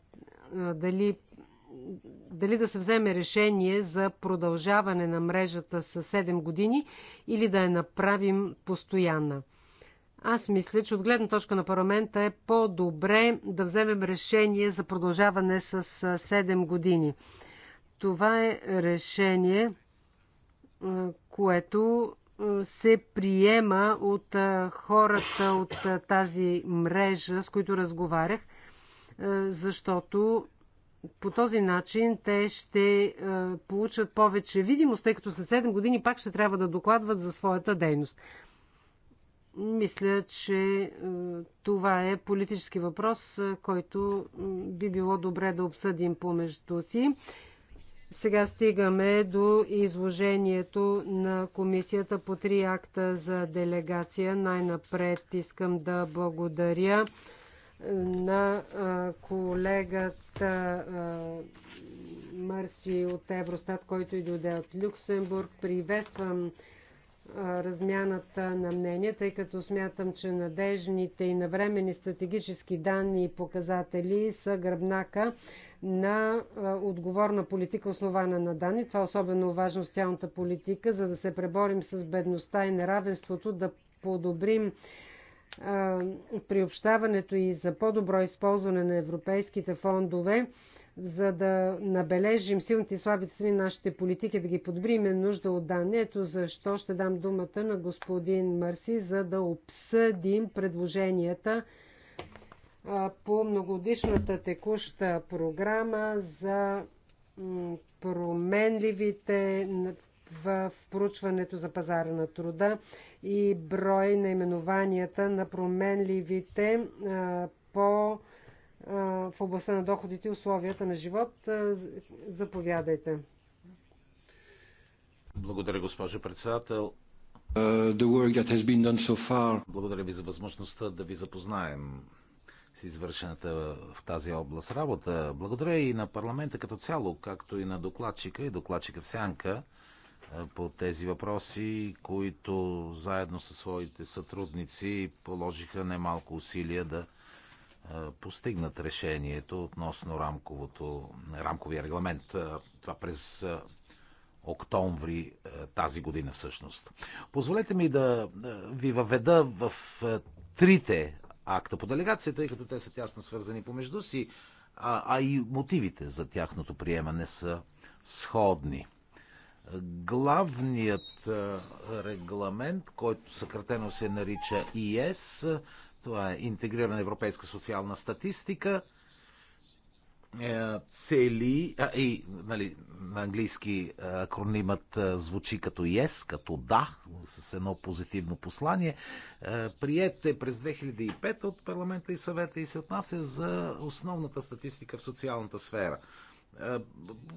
дали, дали да се вземе решение за продължаване на мрежата с 7 години или да я направим постоянна. Аз мисля, че от гледна точка на парламента е по-добре да вземем решение за продължаване с 7 години. Това е решение, което се приема от хората от тази мрежа, с които разговарях, защото по този начин те ще получат повече видимост, тъй като след 7 години пак ще трябва да докладват за своята дейност. Мисля, че е, това е политически въпрос, е, който би било добре да обсъдим помежду си. Сега стигаме до изложението на комисията по три акта за делегация. Най-напред искам да благодаря е, на колегата Марси от Евростат, който и дойде от Люксембург. Приветствам размяната на мнения, тъй като смятам, че надежните и навремени стратегически данни и показатели са гръбнака на отговорна политика, основана на данни. Това е особено важно в социалната политика, за да се преборим с бедността и неравенството, да подобрим приобщаването и за по-добро използване на европейските фондове за да набележим силните и слабите страни на нашите политики, да ги подобрим, е нужда от данни. Ето защо ще дам думата на господин Мърси, за да обсъдим предложенията по многодишната текуща програма за променливите в проучването за пазара на труда и брой на именованията на променливите по в областта на доходите и условията на живот. Заповядайте. Благодаря, госпожо председател. Uh, Благодаря ви за възможността да ви запознаем с извършената в тази област работа. Благодаря и на парламента като цяло, както и на докладчика и докладчика в сянка по тези въпроси, които заедно със своите сътрудници положиха немалко усилия да постигнат решението относно рамковото, рамковия регламент. Това през октомври тази година всъщност. Позволете ми да ви въведа в трите акта по делегация, тъй като те са тясно свързани помежду си, а, а и мотивите за тяхното приемане са сходни. Главният регламент, който съкратено се нарича ИС, това е интегрирана европейска социална статистика. Е, цели, а, и нали, на английски е, акронимът е, звучи като yes, като да, с едно позитивно послание. Прият е през 2005 от парламента и съвета и се отнася за основната статистика в социалната сфера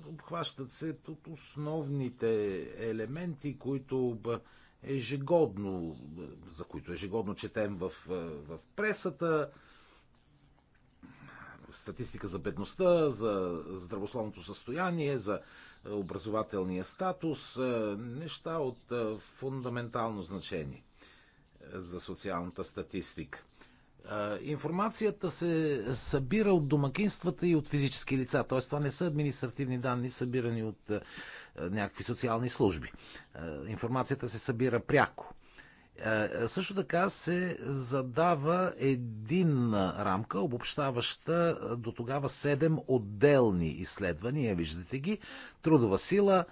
обхващат се от основните елементи, които ежегодно, за които ежегодно четем в, е, в пресата, статистика за бедността, за здравословното състояние, за образователния статус, е, неща от е, фундаментално значение за социалната статистика. Информацията се събира от домакинствата и от физически лица, т.е. това не са административни данни, събирани от е, някакви социални служби. Е, информацията се събира пряко. Е, също така се задава един рамка, обобщаваща до тогава седем отделни изследвания, виждате ги, трудова сила,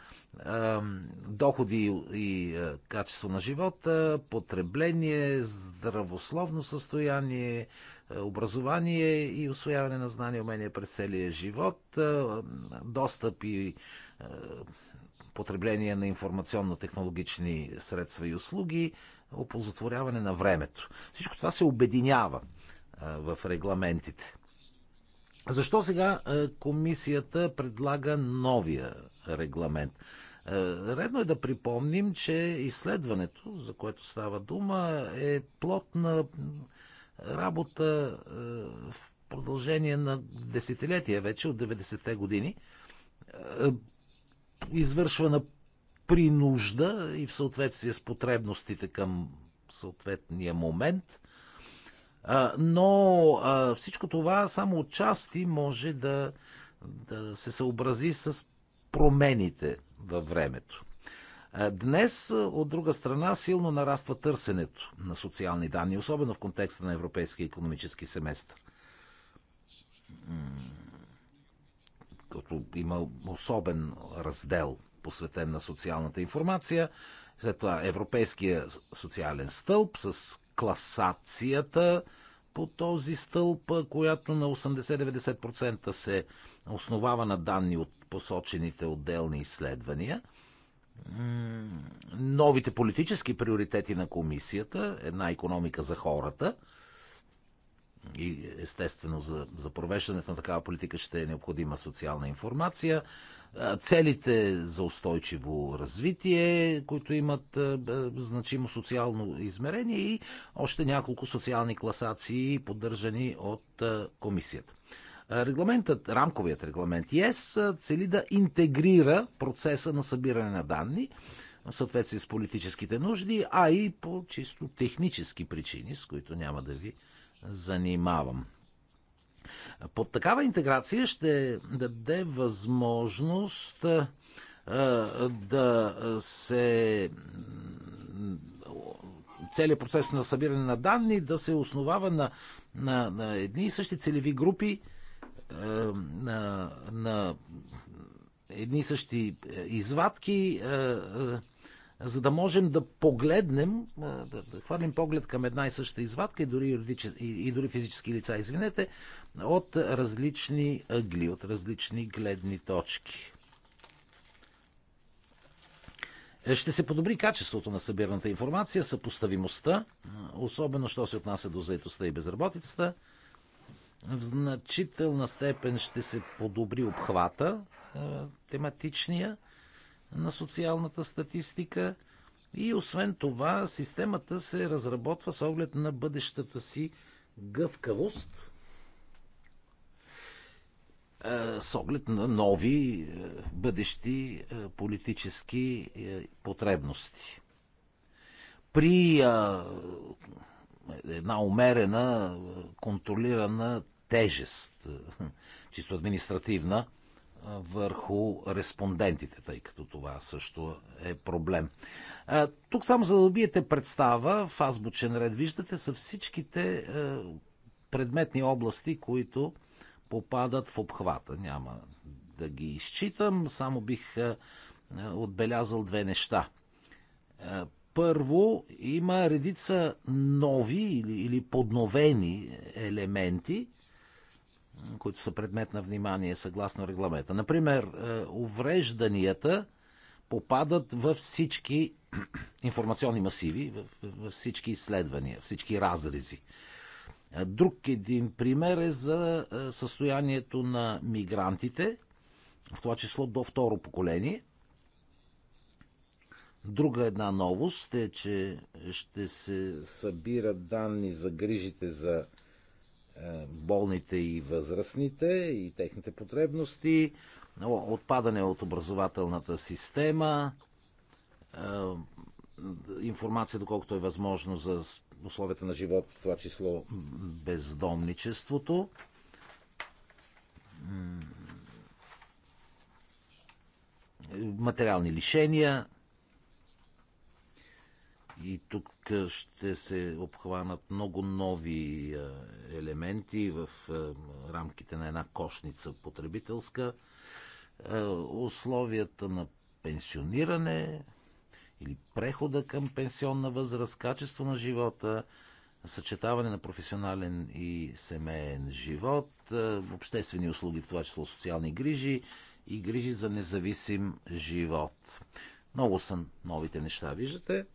доходи и качество на живота, потребление, здравословно състояние, образование и освояване на знания и умения през целия живот, достъп и потребление на информационно-технологични средства и услуги, оползотворяване на времето. Всичко това се обединява в регламентите. Защо сега комисията предлага новия регламент? Редно е да припомним, че изследването, за което става дума, е плод на работа в продължение на десетилетия вече, от 90-те години извършвана при нужда и в съответствие с потребностите към съответния момент. Но всичко това само от части може да, да се съобрази с промените във времето. Днес, от друга страна, силно нараства търсенето на социални данни, особено в контекста на Европейския економически семестър като има особен раздел посветен на социалната информация. След това Европейския социален стълб с класацията по този стълб, която на 80-90% се основава на данни от посочените отделни изследвания. Новите политически приоритети на комисията, една економика за хората – и естествено за, за провеждането на такава политика ще е необходима социална информация. Целите за устойчиво развитие, които имат значимо социално измерение и още няколко социални класации, поддържани от комисията. Регламентът, рамковият регламент ЕС цели да интегрира процеса на събиране на данни в съответствие с политическите нужди, а и по чисто технически причини, с които няма да ви занимавам. Под такава интеграция ще даде възможност да се целият процес на събиране на данни да се основава на, на, на едни и същи целеви групи, на, на едни и същи е, извадки, за да можем да погледнем, да хвърлим поглед към една и съща извадка и дори, и, и дори физически лица, извинете, от различни ъгли, от различни гледни точки. Е, ще се подобри качеството на събираната информация, съпоставимостта, особено що се отнася до заетостта и безработицата. В значителна степен ще се подобри обхвата тематичния на социалната статистика. И освен това, системата се разработва с оглед на бъдещата си гъвкавост, с оглед на нови е, бъдещи е, политически е, потребности. При една умерена, контролирана тежест, [LAUGHS] чисто административна, върху респондентите, тъй като това също е проблем. Тук само за да добиете представа, в азбучен ред виждате са всичките предметни области, които попадат в обхвата. Няма да ги изчитам, само бих отбелязал две неща. Първо, има редица нови или, или подновени елементи – които са предмет на внимание съгласно регламента. Например, е, уврежданията попадат във всички [CLEARS THROAT] информационни масиви, във всички изследвания, всички разрези. Е, друг един пример е за е, състоянието на мигрантите, в това число до второ поколение. Друга една новост е, че ще се събират данни за грижите за е, болните и възрастните и техните потребности, отпадане от образователната система, е, информация, доколкото е възможно за условията на живот, в това число бездомничеството. Материални лишения, и тук ще се обхванат много нови елементи в рамките на една кошница потребителска. Условията на пенсиониране или прехода към пенсионна възраст, качество на живота, съчетаване на професионален и семейен живот, обществени услуги, в това число социални грижи и грижи за независим живот. Много са новите неща, виждате.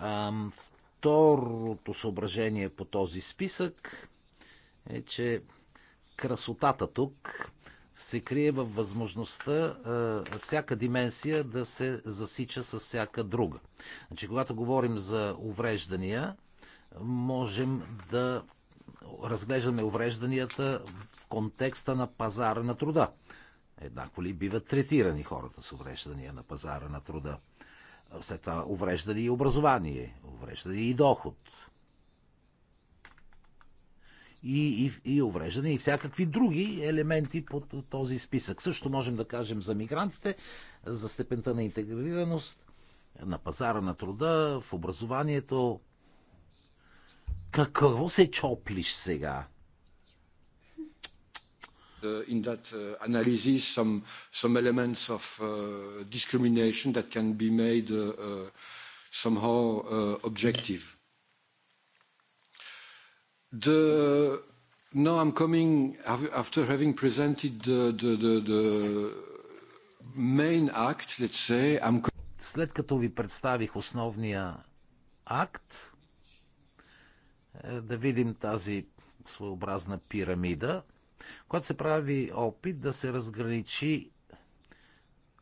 Второто съображение по този списък е, че красотата тук се крие във възможността а, всяка дименсия да се засича с всяка друга. Значи, когато говорим за увреждания, можем да разглеждаме уврежданията в контекста на пазара на труда. Еднакво ли биват третирани хората с увреждания на пазара на труда? след това уврежда и образование, уврежда и доход. И, и, и увреждане и всякакви други елементи по този списък. Също можем да кажем за мигрантите, за степента на интегрираност, на пазара на труда, в образованието. Какво се чоплиш сега? in that uh, analysis some some elements of uh, discrimination that can be made uh, uh, somehow uh, objective. The Now I'm coming after having presented the the the the main act, let's say, I'm След като ви представих основния акт, да видим тази своеобразна пирамида – когато се прави опит да се разграничи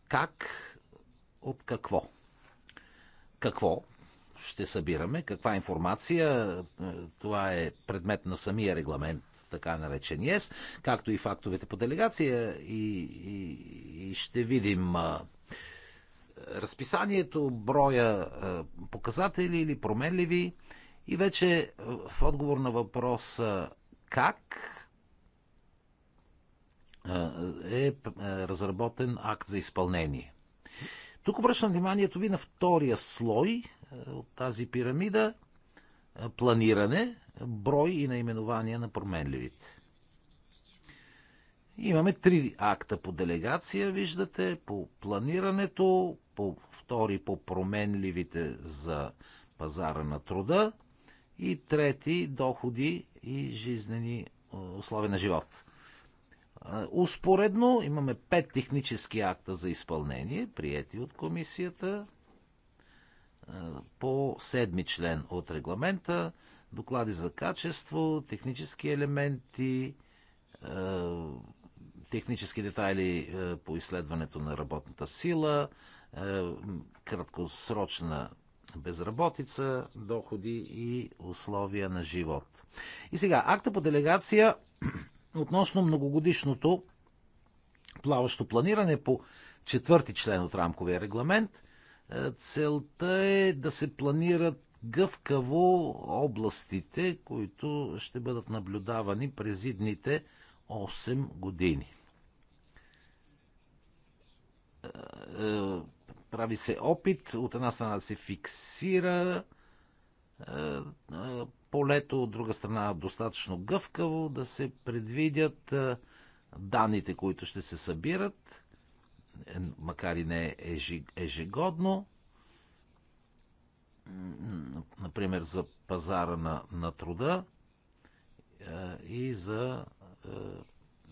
как от какво. Какво ще събираме, каква информация, това е предмет на самия регламент, така наречен ЕС, както и фактовете по делегация и, и, и ще видим разписанието, броя показатели или променливи и вече в отговор на въпроса как е, е разработен акт за изпълнение. Тук обръщам вниманието ви на втория слой от тази пирамида планиране, брой и наименования на променливите. Имаме три акта по делегация, виждате, по планирането, по втори по променливите за пазара на труда и трети доходи и жизнени условия на живот. Успоредно имаме пет технически акта за изпълнение, приети от комисията по седми член от регламента, доклади за качество, технически елементи, технически детайли по изследването на работната сила, краткосрочна безработица, доходи и условия на живот. И сега, акта по делегация относно многогодишното плаващо планиране по четвърти член от рамковия регламент. Е, целта е да се планират гъвкаво областите, които ще бъдат наблюдавани през идните 8 години. Е, е, прави се опит от една страна да се фиксира полето, от друга страна достатъчно гъвкаво да се предвидят данните, които ще се събират, е, макар и не ежегодно, например за пазара на, на труда и за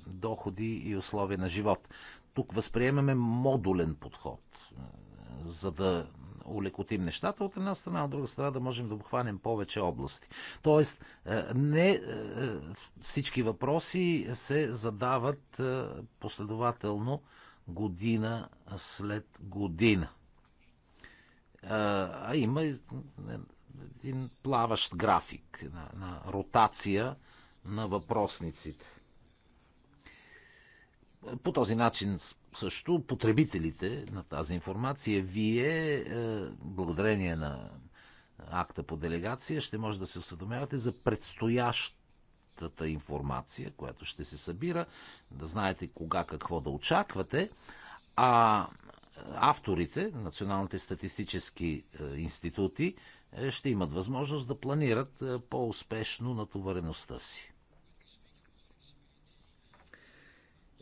доходи и условия на живот. Тук възприемаме модулен подход, за да улекотим нещата от една страна, от друга страна да можем да обхванем повече области. Тоест, е, не е, всички въпроси се задават е, последователно година след година. А има един плаващ график на, на ротация на въпросниците. По този начин също потребителите на тази информация. Вие, е, благодарение на акта по делегация, ще може да се осведомявате за предстоящата информация, която ще се събира, да знаете кога какво да очаквате. А авторите, националните статистически е, институти, е, ще имат възможност да планират по-успешно натовареността си.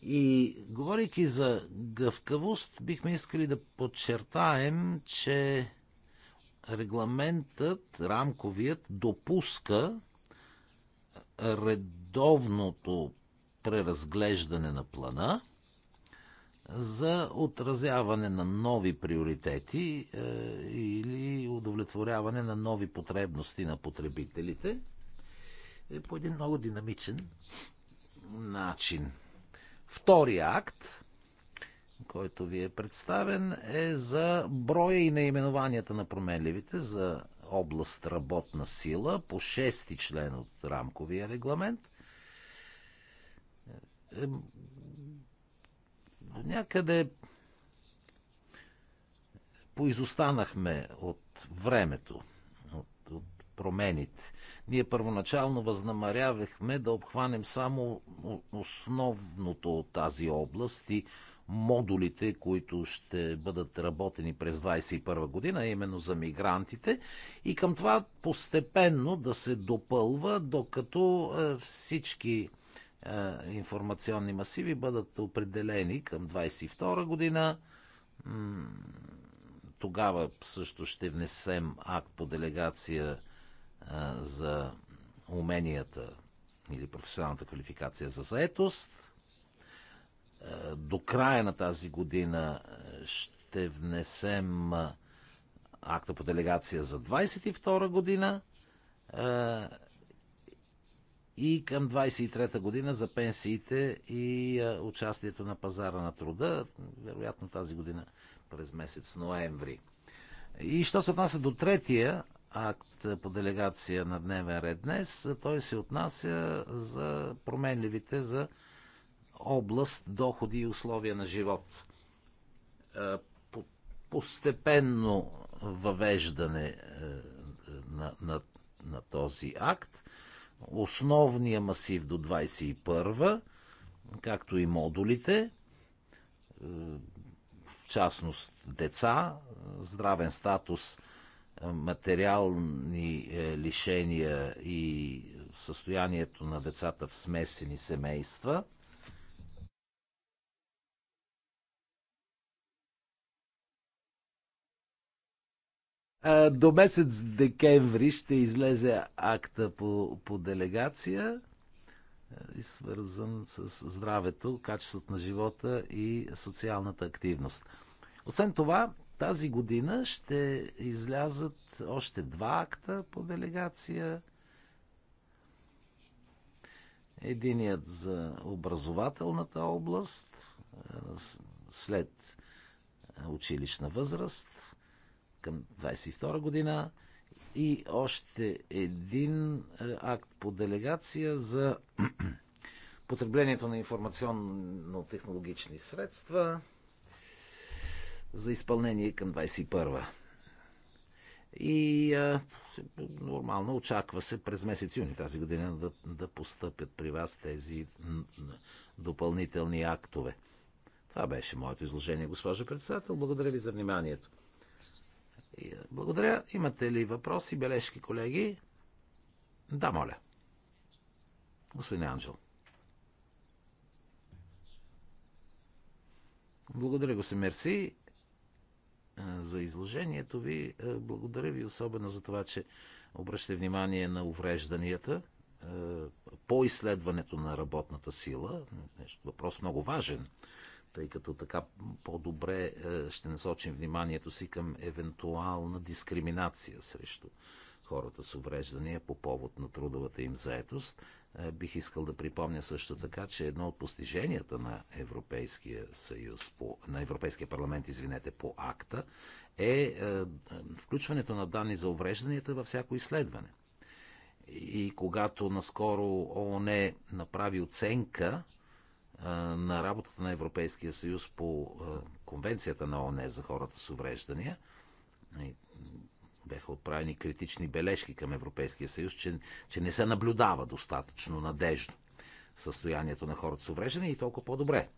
И говорейки за гъвкавост, бихме искали да подчертаем, че регламентът, рамковият, допуска редовното преразглеждане на плана за отразяване на нови приоритети е, или удовлетворяване на нови потребности на потребителите е, по един много динамичен начин. Втория акт, който ви е представен, е за броя и наименованията на променливите за област работна сила по шести член от рамковия регламент. Някъде поизостанахме от времето промените. Ние първоначално възнамарявахме да обхванем само основното от тази област и модулите, които ще бъдат работени през 2021 година, именно за мигрантите. И към това постепенно да се допълва, докато е, всички е, информационни масиви бъдат определени към 2022 година. Тогава също ще внесем акт по делегация за уменията или професионалната квалификация за заетост. До края на тази година ще внесем акта по делегация за 22 година и към 23-та година за пенсиите и участието на пазара на труда, вероятно тази година през месец ноември. И що се отнася до третия акт по делегация на дневен ред днес. Той се отнася за променливите за област, доходи и условия на живот. Е, постепенно въвеждане е, на, на, на този акт. Основния масив до 21 както и модулите, е, в частност деца, здравен статус – материални е, лишения и състоянието на децата в смесени семейства. Е, до месец декември ще излезе акта по, по делегация е, и свързан с здравето, качеството на живота и социалната активност. Освен това, тази година ще излязат още два акта по делегация. Единият за образователната област след училищна възраст към 22 година и още един акт по делегация за [CLEARS THROAT] потреблението на информационно-технологични средства – за изпълнение към 21 и а, нормално очаква се през месец юни тази година да, да постъпят при вас тези допълнителни актове. Това беше моето изложение, госпожо председател. Благодаря ви за вниманието. И, благодаря. Имате ли въпроси, бележки, колеги? Да, моля. Господин Анджел. Благодаря, господин Мерси за изложението ви. Благодаря ви особено за това, че обръщате внимание на уврежданията по изследването на работната сила. Въпрос много важен, тъй като така по-добре ще насочим вниманието си към евентуална дискриминация срещу хората с увреждания по повод на трудовата им заетост. Е, бих искал да припомня също така, че едно от постиженията на Европейския съюз, по, на Европейския парламент, извинете, по акта, е, е включването на данни за уврежданията във всяко изследване. И когато наскоро ООН е направи оценка на работата на Европейския съюз по конвенцията на ООН за хората с увреждания, бяха отправени критични бележки към Европейския съюз, че, че не се наблюдава достатъчно надежно състоянието на хората с увреждане и толкова по-добре,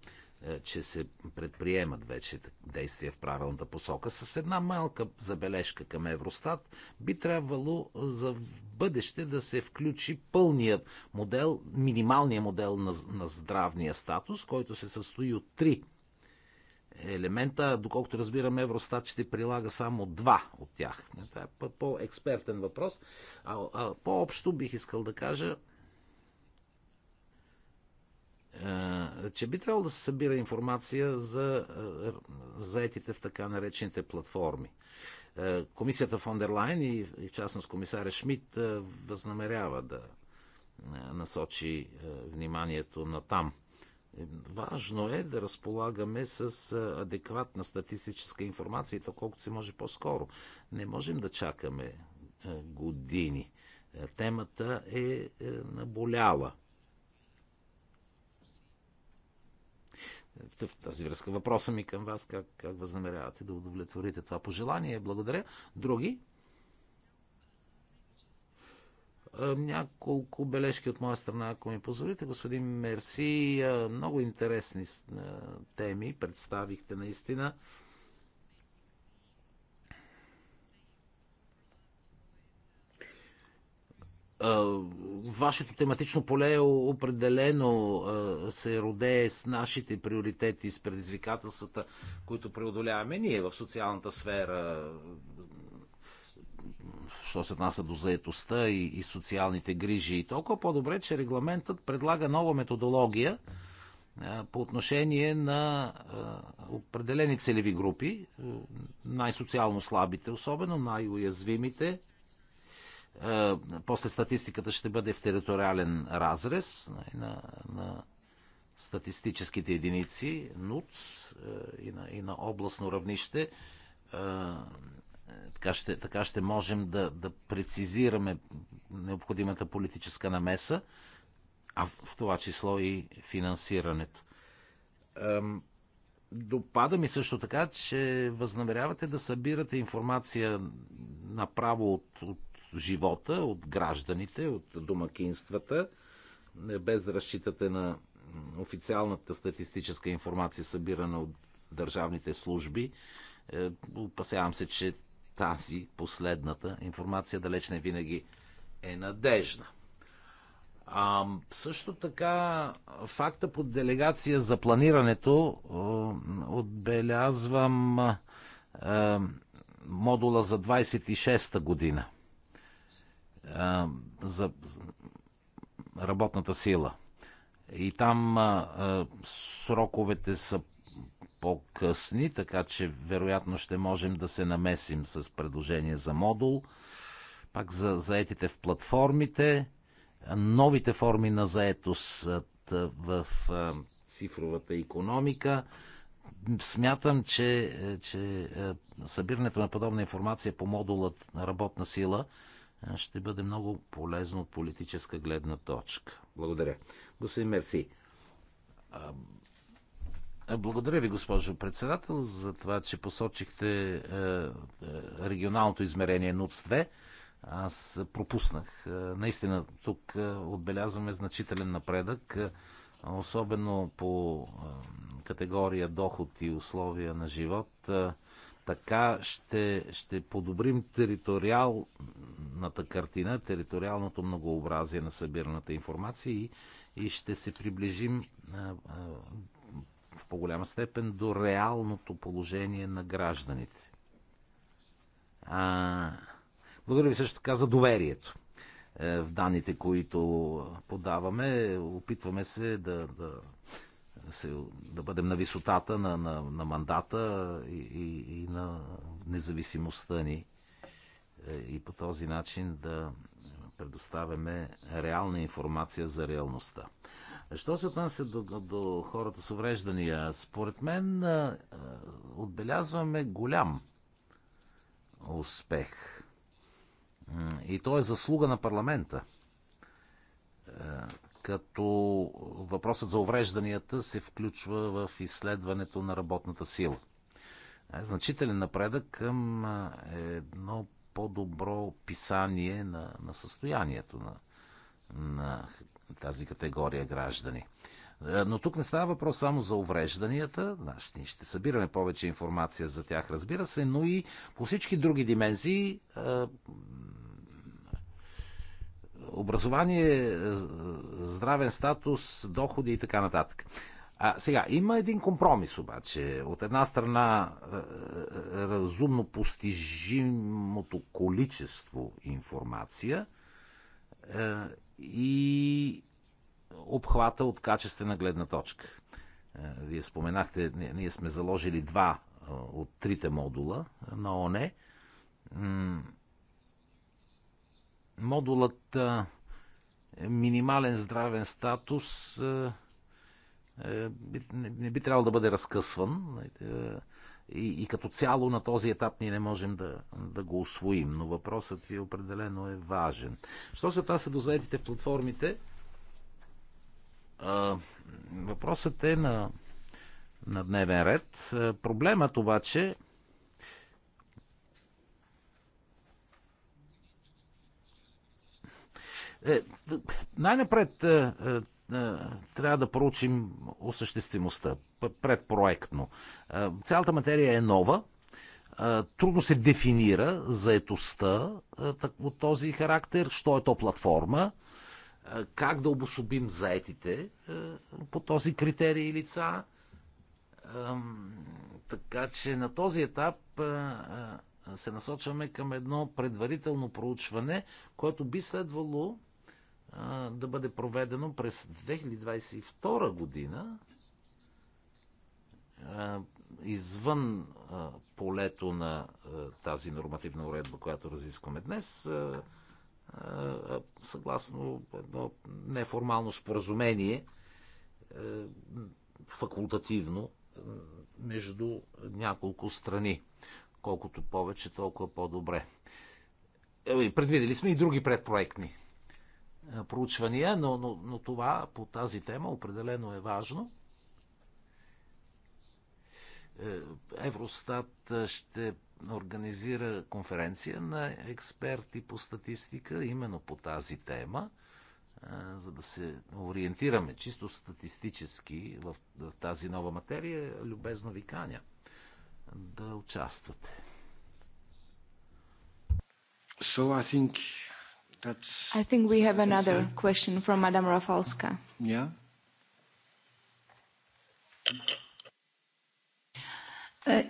е, че се предприемат вече действия в правилната посока. С една малка забележка към Евростат би трябвало за в бъдеще да се включи пълният модел, минималният модел на, на здравния статус, който се състои от три – елемента. Доколкото разбирам, Евростат ще прилага само два от тях. Това е по-експертен въпрос. А, а по-общо бих искал да кажа, е, че би трябвало да се събира информация за е, заетите в така наречените платформи. Е, комисията Фондерлайн дер и в частност комисаря Шмидт възнамерява да насочи вниманието на там – Важно е да разполагаме с адекватна статистическа информация и то колкото се може по-скоро. Не можем да чакаме години. Темата е, е наболяла. В тази връзка въпроса ми към вас, как, как възнамерявате да удовлетворите това пожелание. Благодаря. Други? Няколко бележки от моя страна, ако ми позволите. Господин Мерси, много интересни теми представихте наистина. Вашето тематично поле е определено се родее с нашите приоритети, с предизвикателствата, които преодоляваме ние в социалната сфера що се отнася до заетостта и, и социалните грижи. И толкова по-добре, че регламентът предлага нова методология е, по отношение на е, определени целеви групи, е, най-социално слабите, особено най-уязвимите. После статистиката ще бъде в териториален разрез на, на статистическите единици, НУЦ и на, и на областно равнище така ще, така ще можем да, да прецизираме необходимата политическа намеса, а в, в това число и финансирането. Допада ми също така, че възнамерявате да събирате информация направо от, от живота, от гражданите, от домакинствата, без да разчитате на официалната статистическа информация, събирана от държавните служби. Е, опасявам се, че тази последната информация далеч не винаги е надежна. А, също така, факта под делегация за планирането отбелязвам а, модула за 26-та година а, за работната сила. И там а, сроковете са по-късни, така че вероятно ще можем да се намесим с предложение за модул. Пак за заетите в платформите, новите форми на заетост в цифровата економика. Смятам, че, е, че е, събирането на подобна информация по модулът на работна сила е, ще бъде много полезно от политическа гледна точка. Благодаря. Господин Мерси, благодаря ви, госпожо председател, за това, че посочихте е, е, регионалното измерение НУЦ-2. Аз пропуснах. Е, наистина, тук отбелязваме значителен напредък, особено по категория доход и условия на живот. Така ще, ще подобрим териториалната картина, териториалното многообразие на събираната информация и, и ще се приближим в по-голяма степен до реалното положение на гражданите. А, благодаря ви също така за доверието е, в данните, които подаваме. Опитваме се да, да, се, да бъдем на висотата на, на, на мандата и, и, и на независимостта ни. Е, и по този начин да предоставяме реална информация за реалността. Що се отнася до, до, до хората с увреждания, според мен а, отбелязваме голям успех. И то е заслуга на парламента. Е, като въпросът за уврежданията се включва в изследването на работната сила. Е, значителен напредък към едно по-добро писание на, на състоянието на, на тази категория граждани. Е, но тук не става въпрос само за уврежданията. Значи, ние ще събираме повече информация за тях, разбира се, но и по всички други димензии. Е, образование, е, здравен статус, доходи и така нататък. А, сега, има един компромис обаче. От една страна разумно постижимото количество информация и обхвата от качествена гледна точка. Е, вие споменахте, ние сме заложили два е, от трите модула на ОНЕ. Модулът е, минимален здравен статус не би трябвало да бъде разкъсван и, и като цяло на този етап ние не можем да, да го освоим, но въпросът ви определено е важен. Що се отнася до заедите в платформите, а, въпросът е на, на дневен ред. А, проблемът обаче Е, най-напред е, трябва да проучим осъществимостта предпроектно. Е, цялата материя е нова, е, трудно се дефинира заетостта от този характер, що е то платформа, как да обособим заетите по този критерий лица. Така че на този етап се насочваме към едно предварително проучване, което би следвало да бъде проведено през 2022 година извън полето на тази нормативна уредба, която разискваме днес, съгласно едно неформално споразумение, факултативно, между няколко страни. Колкото повече, толкова по-добре. Ами, предвидели сме и други предпроектни е, проучвания, но, но, но това по тази тема определено е важно. Е, Евростат е, ще организира конференция на експерти по статистика именно по тази тема, за да се ориентираме чисто статистически в, тази нова материя. Любезно ви каня да участвате. So I think that's... I think we have another question from Madame Rafalska. Yeah.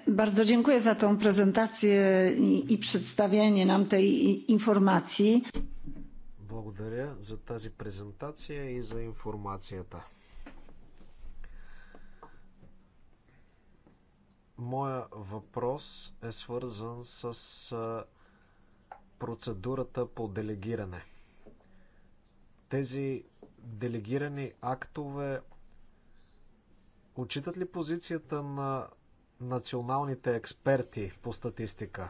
Bardzo dziękuję za tą prezentację i przedstawienie nam tej informacji. Благодаря за тази презентация и за информацията. Моя въпрос е свързан с процедурата по делегиране. Тези делегирани актове отчитат ли позицията на националните експерти по статистика?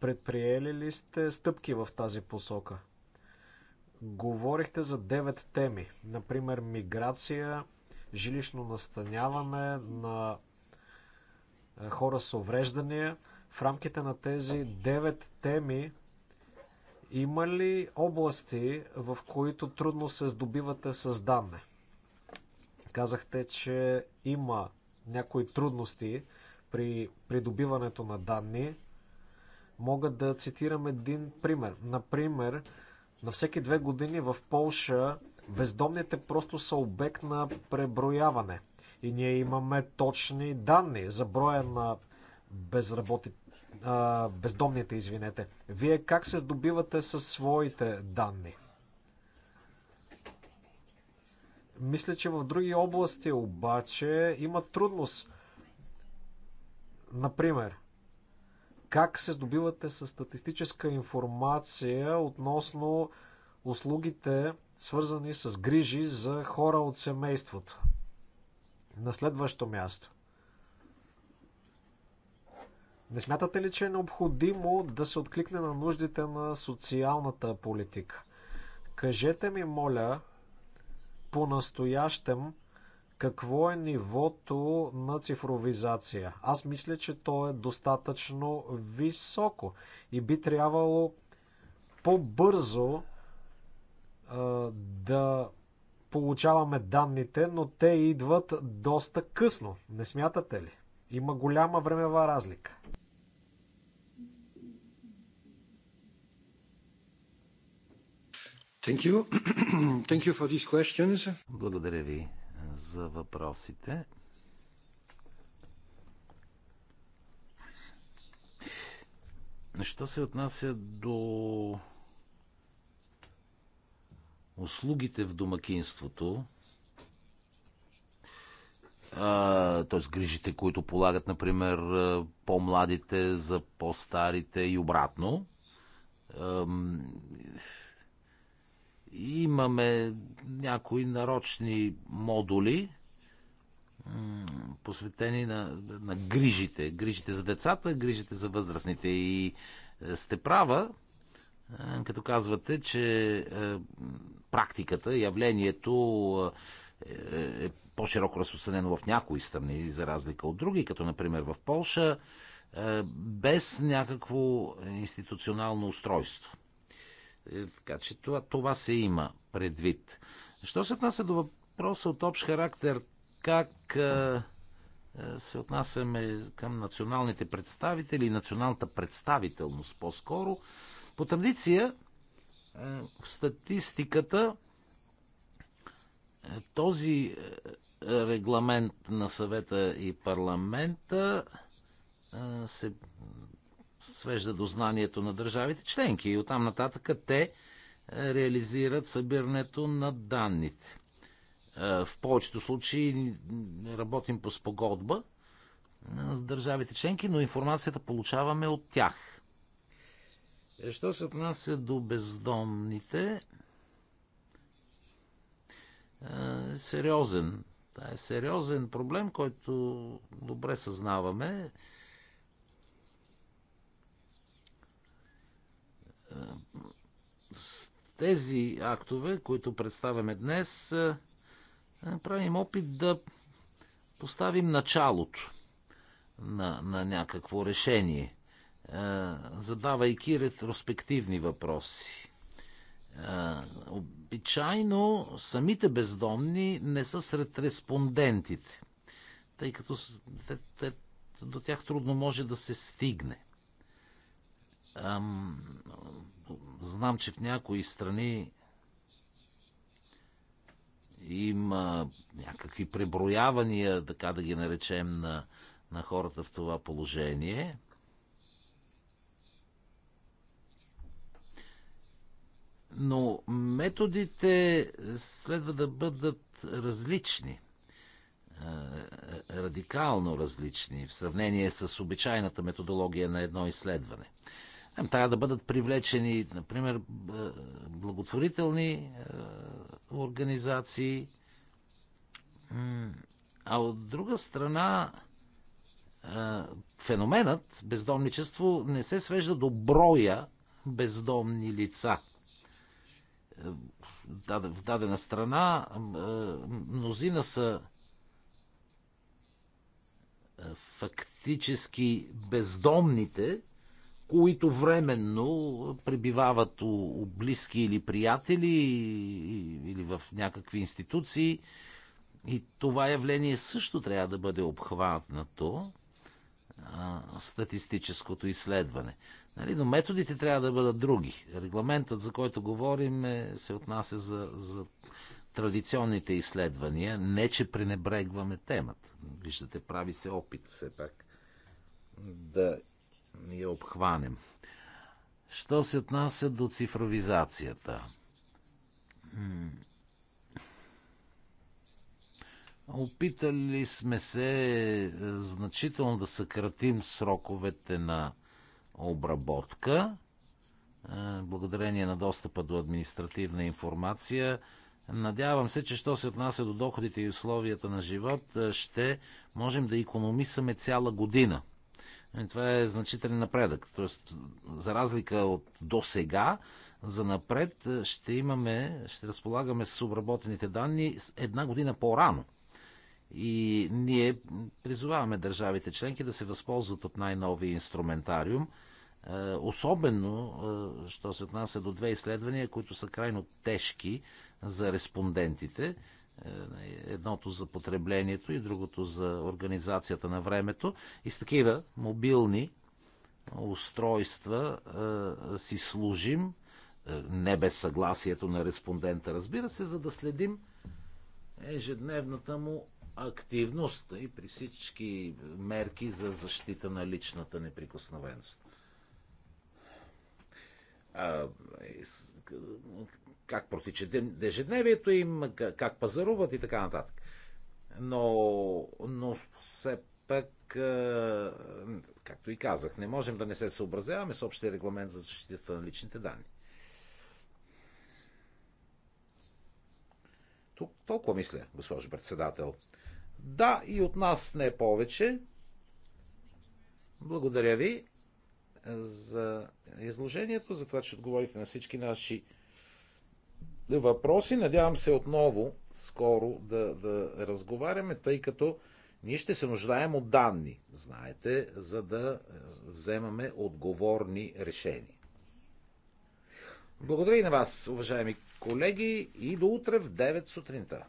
Предприели ли сте стъпки в тази посока? Говорихте за девет теми, например миграция, жилищно настаняване на е, хора с увреждания – в рамките на тези 9 теми има ли области, в които трудно се здобивате с данни? Казахте, че има някои трудности при придобиването на данни. Мога да цитирам един пример. Например, на всеки две години в Полша бездомните просто са обект на преброяване. И ние имаме точни данни за броя на безработите а, бездомните, извинете. Вие как се здобивате със своите данни? Мисля, че в други области обаче има трудност. Например, как се здобивате с статистическа информация относно услугите, свързани с грижи за хора от семейството? На следващо място. Не смятате ли, че е необходимо да се откликне на нуждите на социалната политика? Кажете ми, моля, по-настоящем какво е нивото на цифровизация? Аз мисля, че то е достатъчно високо и би трябвало по-бързо да получаваме данните, но те идват доста късно. Не смятате ли? Има голяма времева разлика. Thank you. [CLEARS THROAT] Thank you for these questions. Благодаря ви за въпросите. Що се отнася до услугите в домакинството, т.е. грижите, които полагат, например, по-младите за по-старите и обратно, Имаме някои нарочни модули, посветени на, на грижите. Грижите за децата, грижите за възрастните. И е, сте права, е, като казвате, че е, практиката, явлението е по-широко разпространено в някои страни, за разлика от други, като например в Полша, без някакво институционално устройство. Е, така че това, това се има предвид. Що се отнася до въпроса от общ характер, как е, е, се отнасяме към националните представители и националната представителност по-скоро, по традиция в статистиката този регламент на съвета и парламента се свежда до знанието на държавите членки и оттам нататък те е, реализират събирането на данните. Е, в повечето случаи работим по спогодба е, с държавите членки, но информацията получаваме от тях. Що се отнася до бездомните, сериозен. Това е сериозен проблем, който добре съзнаваме. С тези актове, които представяме днес, правим опит да поставим началото на, на някакво решение, задавайки ретроспективни въпроси. Обичайно самите бездомни не са сред респондентите, тъй като те, те, до тях трудно може да се стигне. Знам, че в някои страни има някакви преброявания, така да ги наречем, на, на хората в това положение. Но методите следва да бъдат различни. Е, радикално различни в сравнение с обичайната методология на едно изследване. Там трябва да бъдат привлечени, например, благотворителни е, организации. А от друга страна, е, феноменът бездомничество не се свежда до броя бездомни лица. Е, в дадена страна мнозина са фактически бездомните, които временно пребивават у, у близки или приятели или в някакви институции. И това явление също трябва да бъде а, в статистическото изследване. Нали? Но методите трябва да бъдат други. Регламентът, за който говорим, е, се отнася за, за традиционните изследвания. Не, че пренебрегваме темата. Виждате, прави се опит все пак да я обхванем. Що се отнася до цифровизацията? Опитали сме се е, значително да съкратим сроковете на обработка, е, благодарение на достъпа до административна информация. Надявам се, че що се отнася до доходите и условията на живот, е, ще можем да економисаме цяла година – е, това е значителен напредък. Тоест, за разлика от до сега, за напред е, ще имаме, ще разполагаме с обработените данни една година по-рано. И ние призоваваме държавите членки да се възползват от най-новия инструментариум, е, особено, що се отнася до две изследвания, които са крайно тежки за респондентите – е, едното за потреблението и другото за организацията на времето. И с такива мобилни устройства е, си служим, е, не без съгласието на респондента, разбира се, за да следим ежедневната му активност и при всички мерки за защита на личната неприкосновеност как протича ежедневието им, как пазаруват и така нататък. Но, но все пък, както и казах, не можем да не се съобразяваме с общия регламент за защитата на личните данни. Тук толкова мисля, госпожо председател. Да, и от нас не е повече. Благодаря ви за изложението, за това, че отговорите на всички наши въпроси. Надявам се отново скоро да, да разговаряме, тъй като ние ще се нуждаем от данни, знаете, за да е, вземаме отговорни решения. Благодаря и на вас, уважаеми колеги, и до утре в 9 сутринта.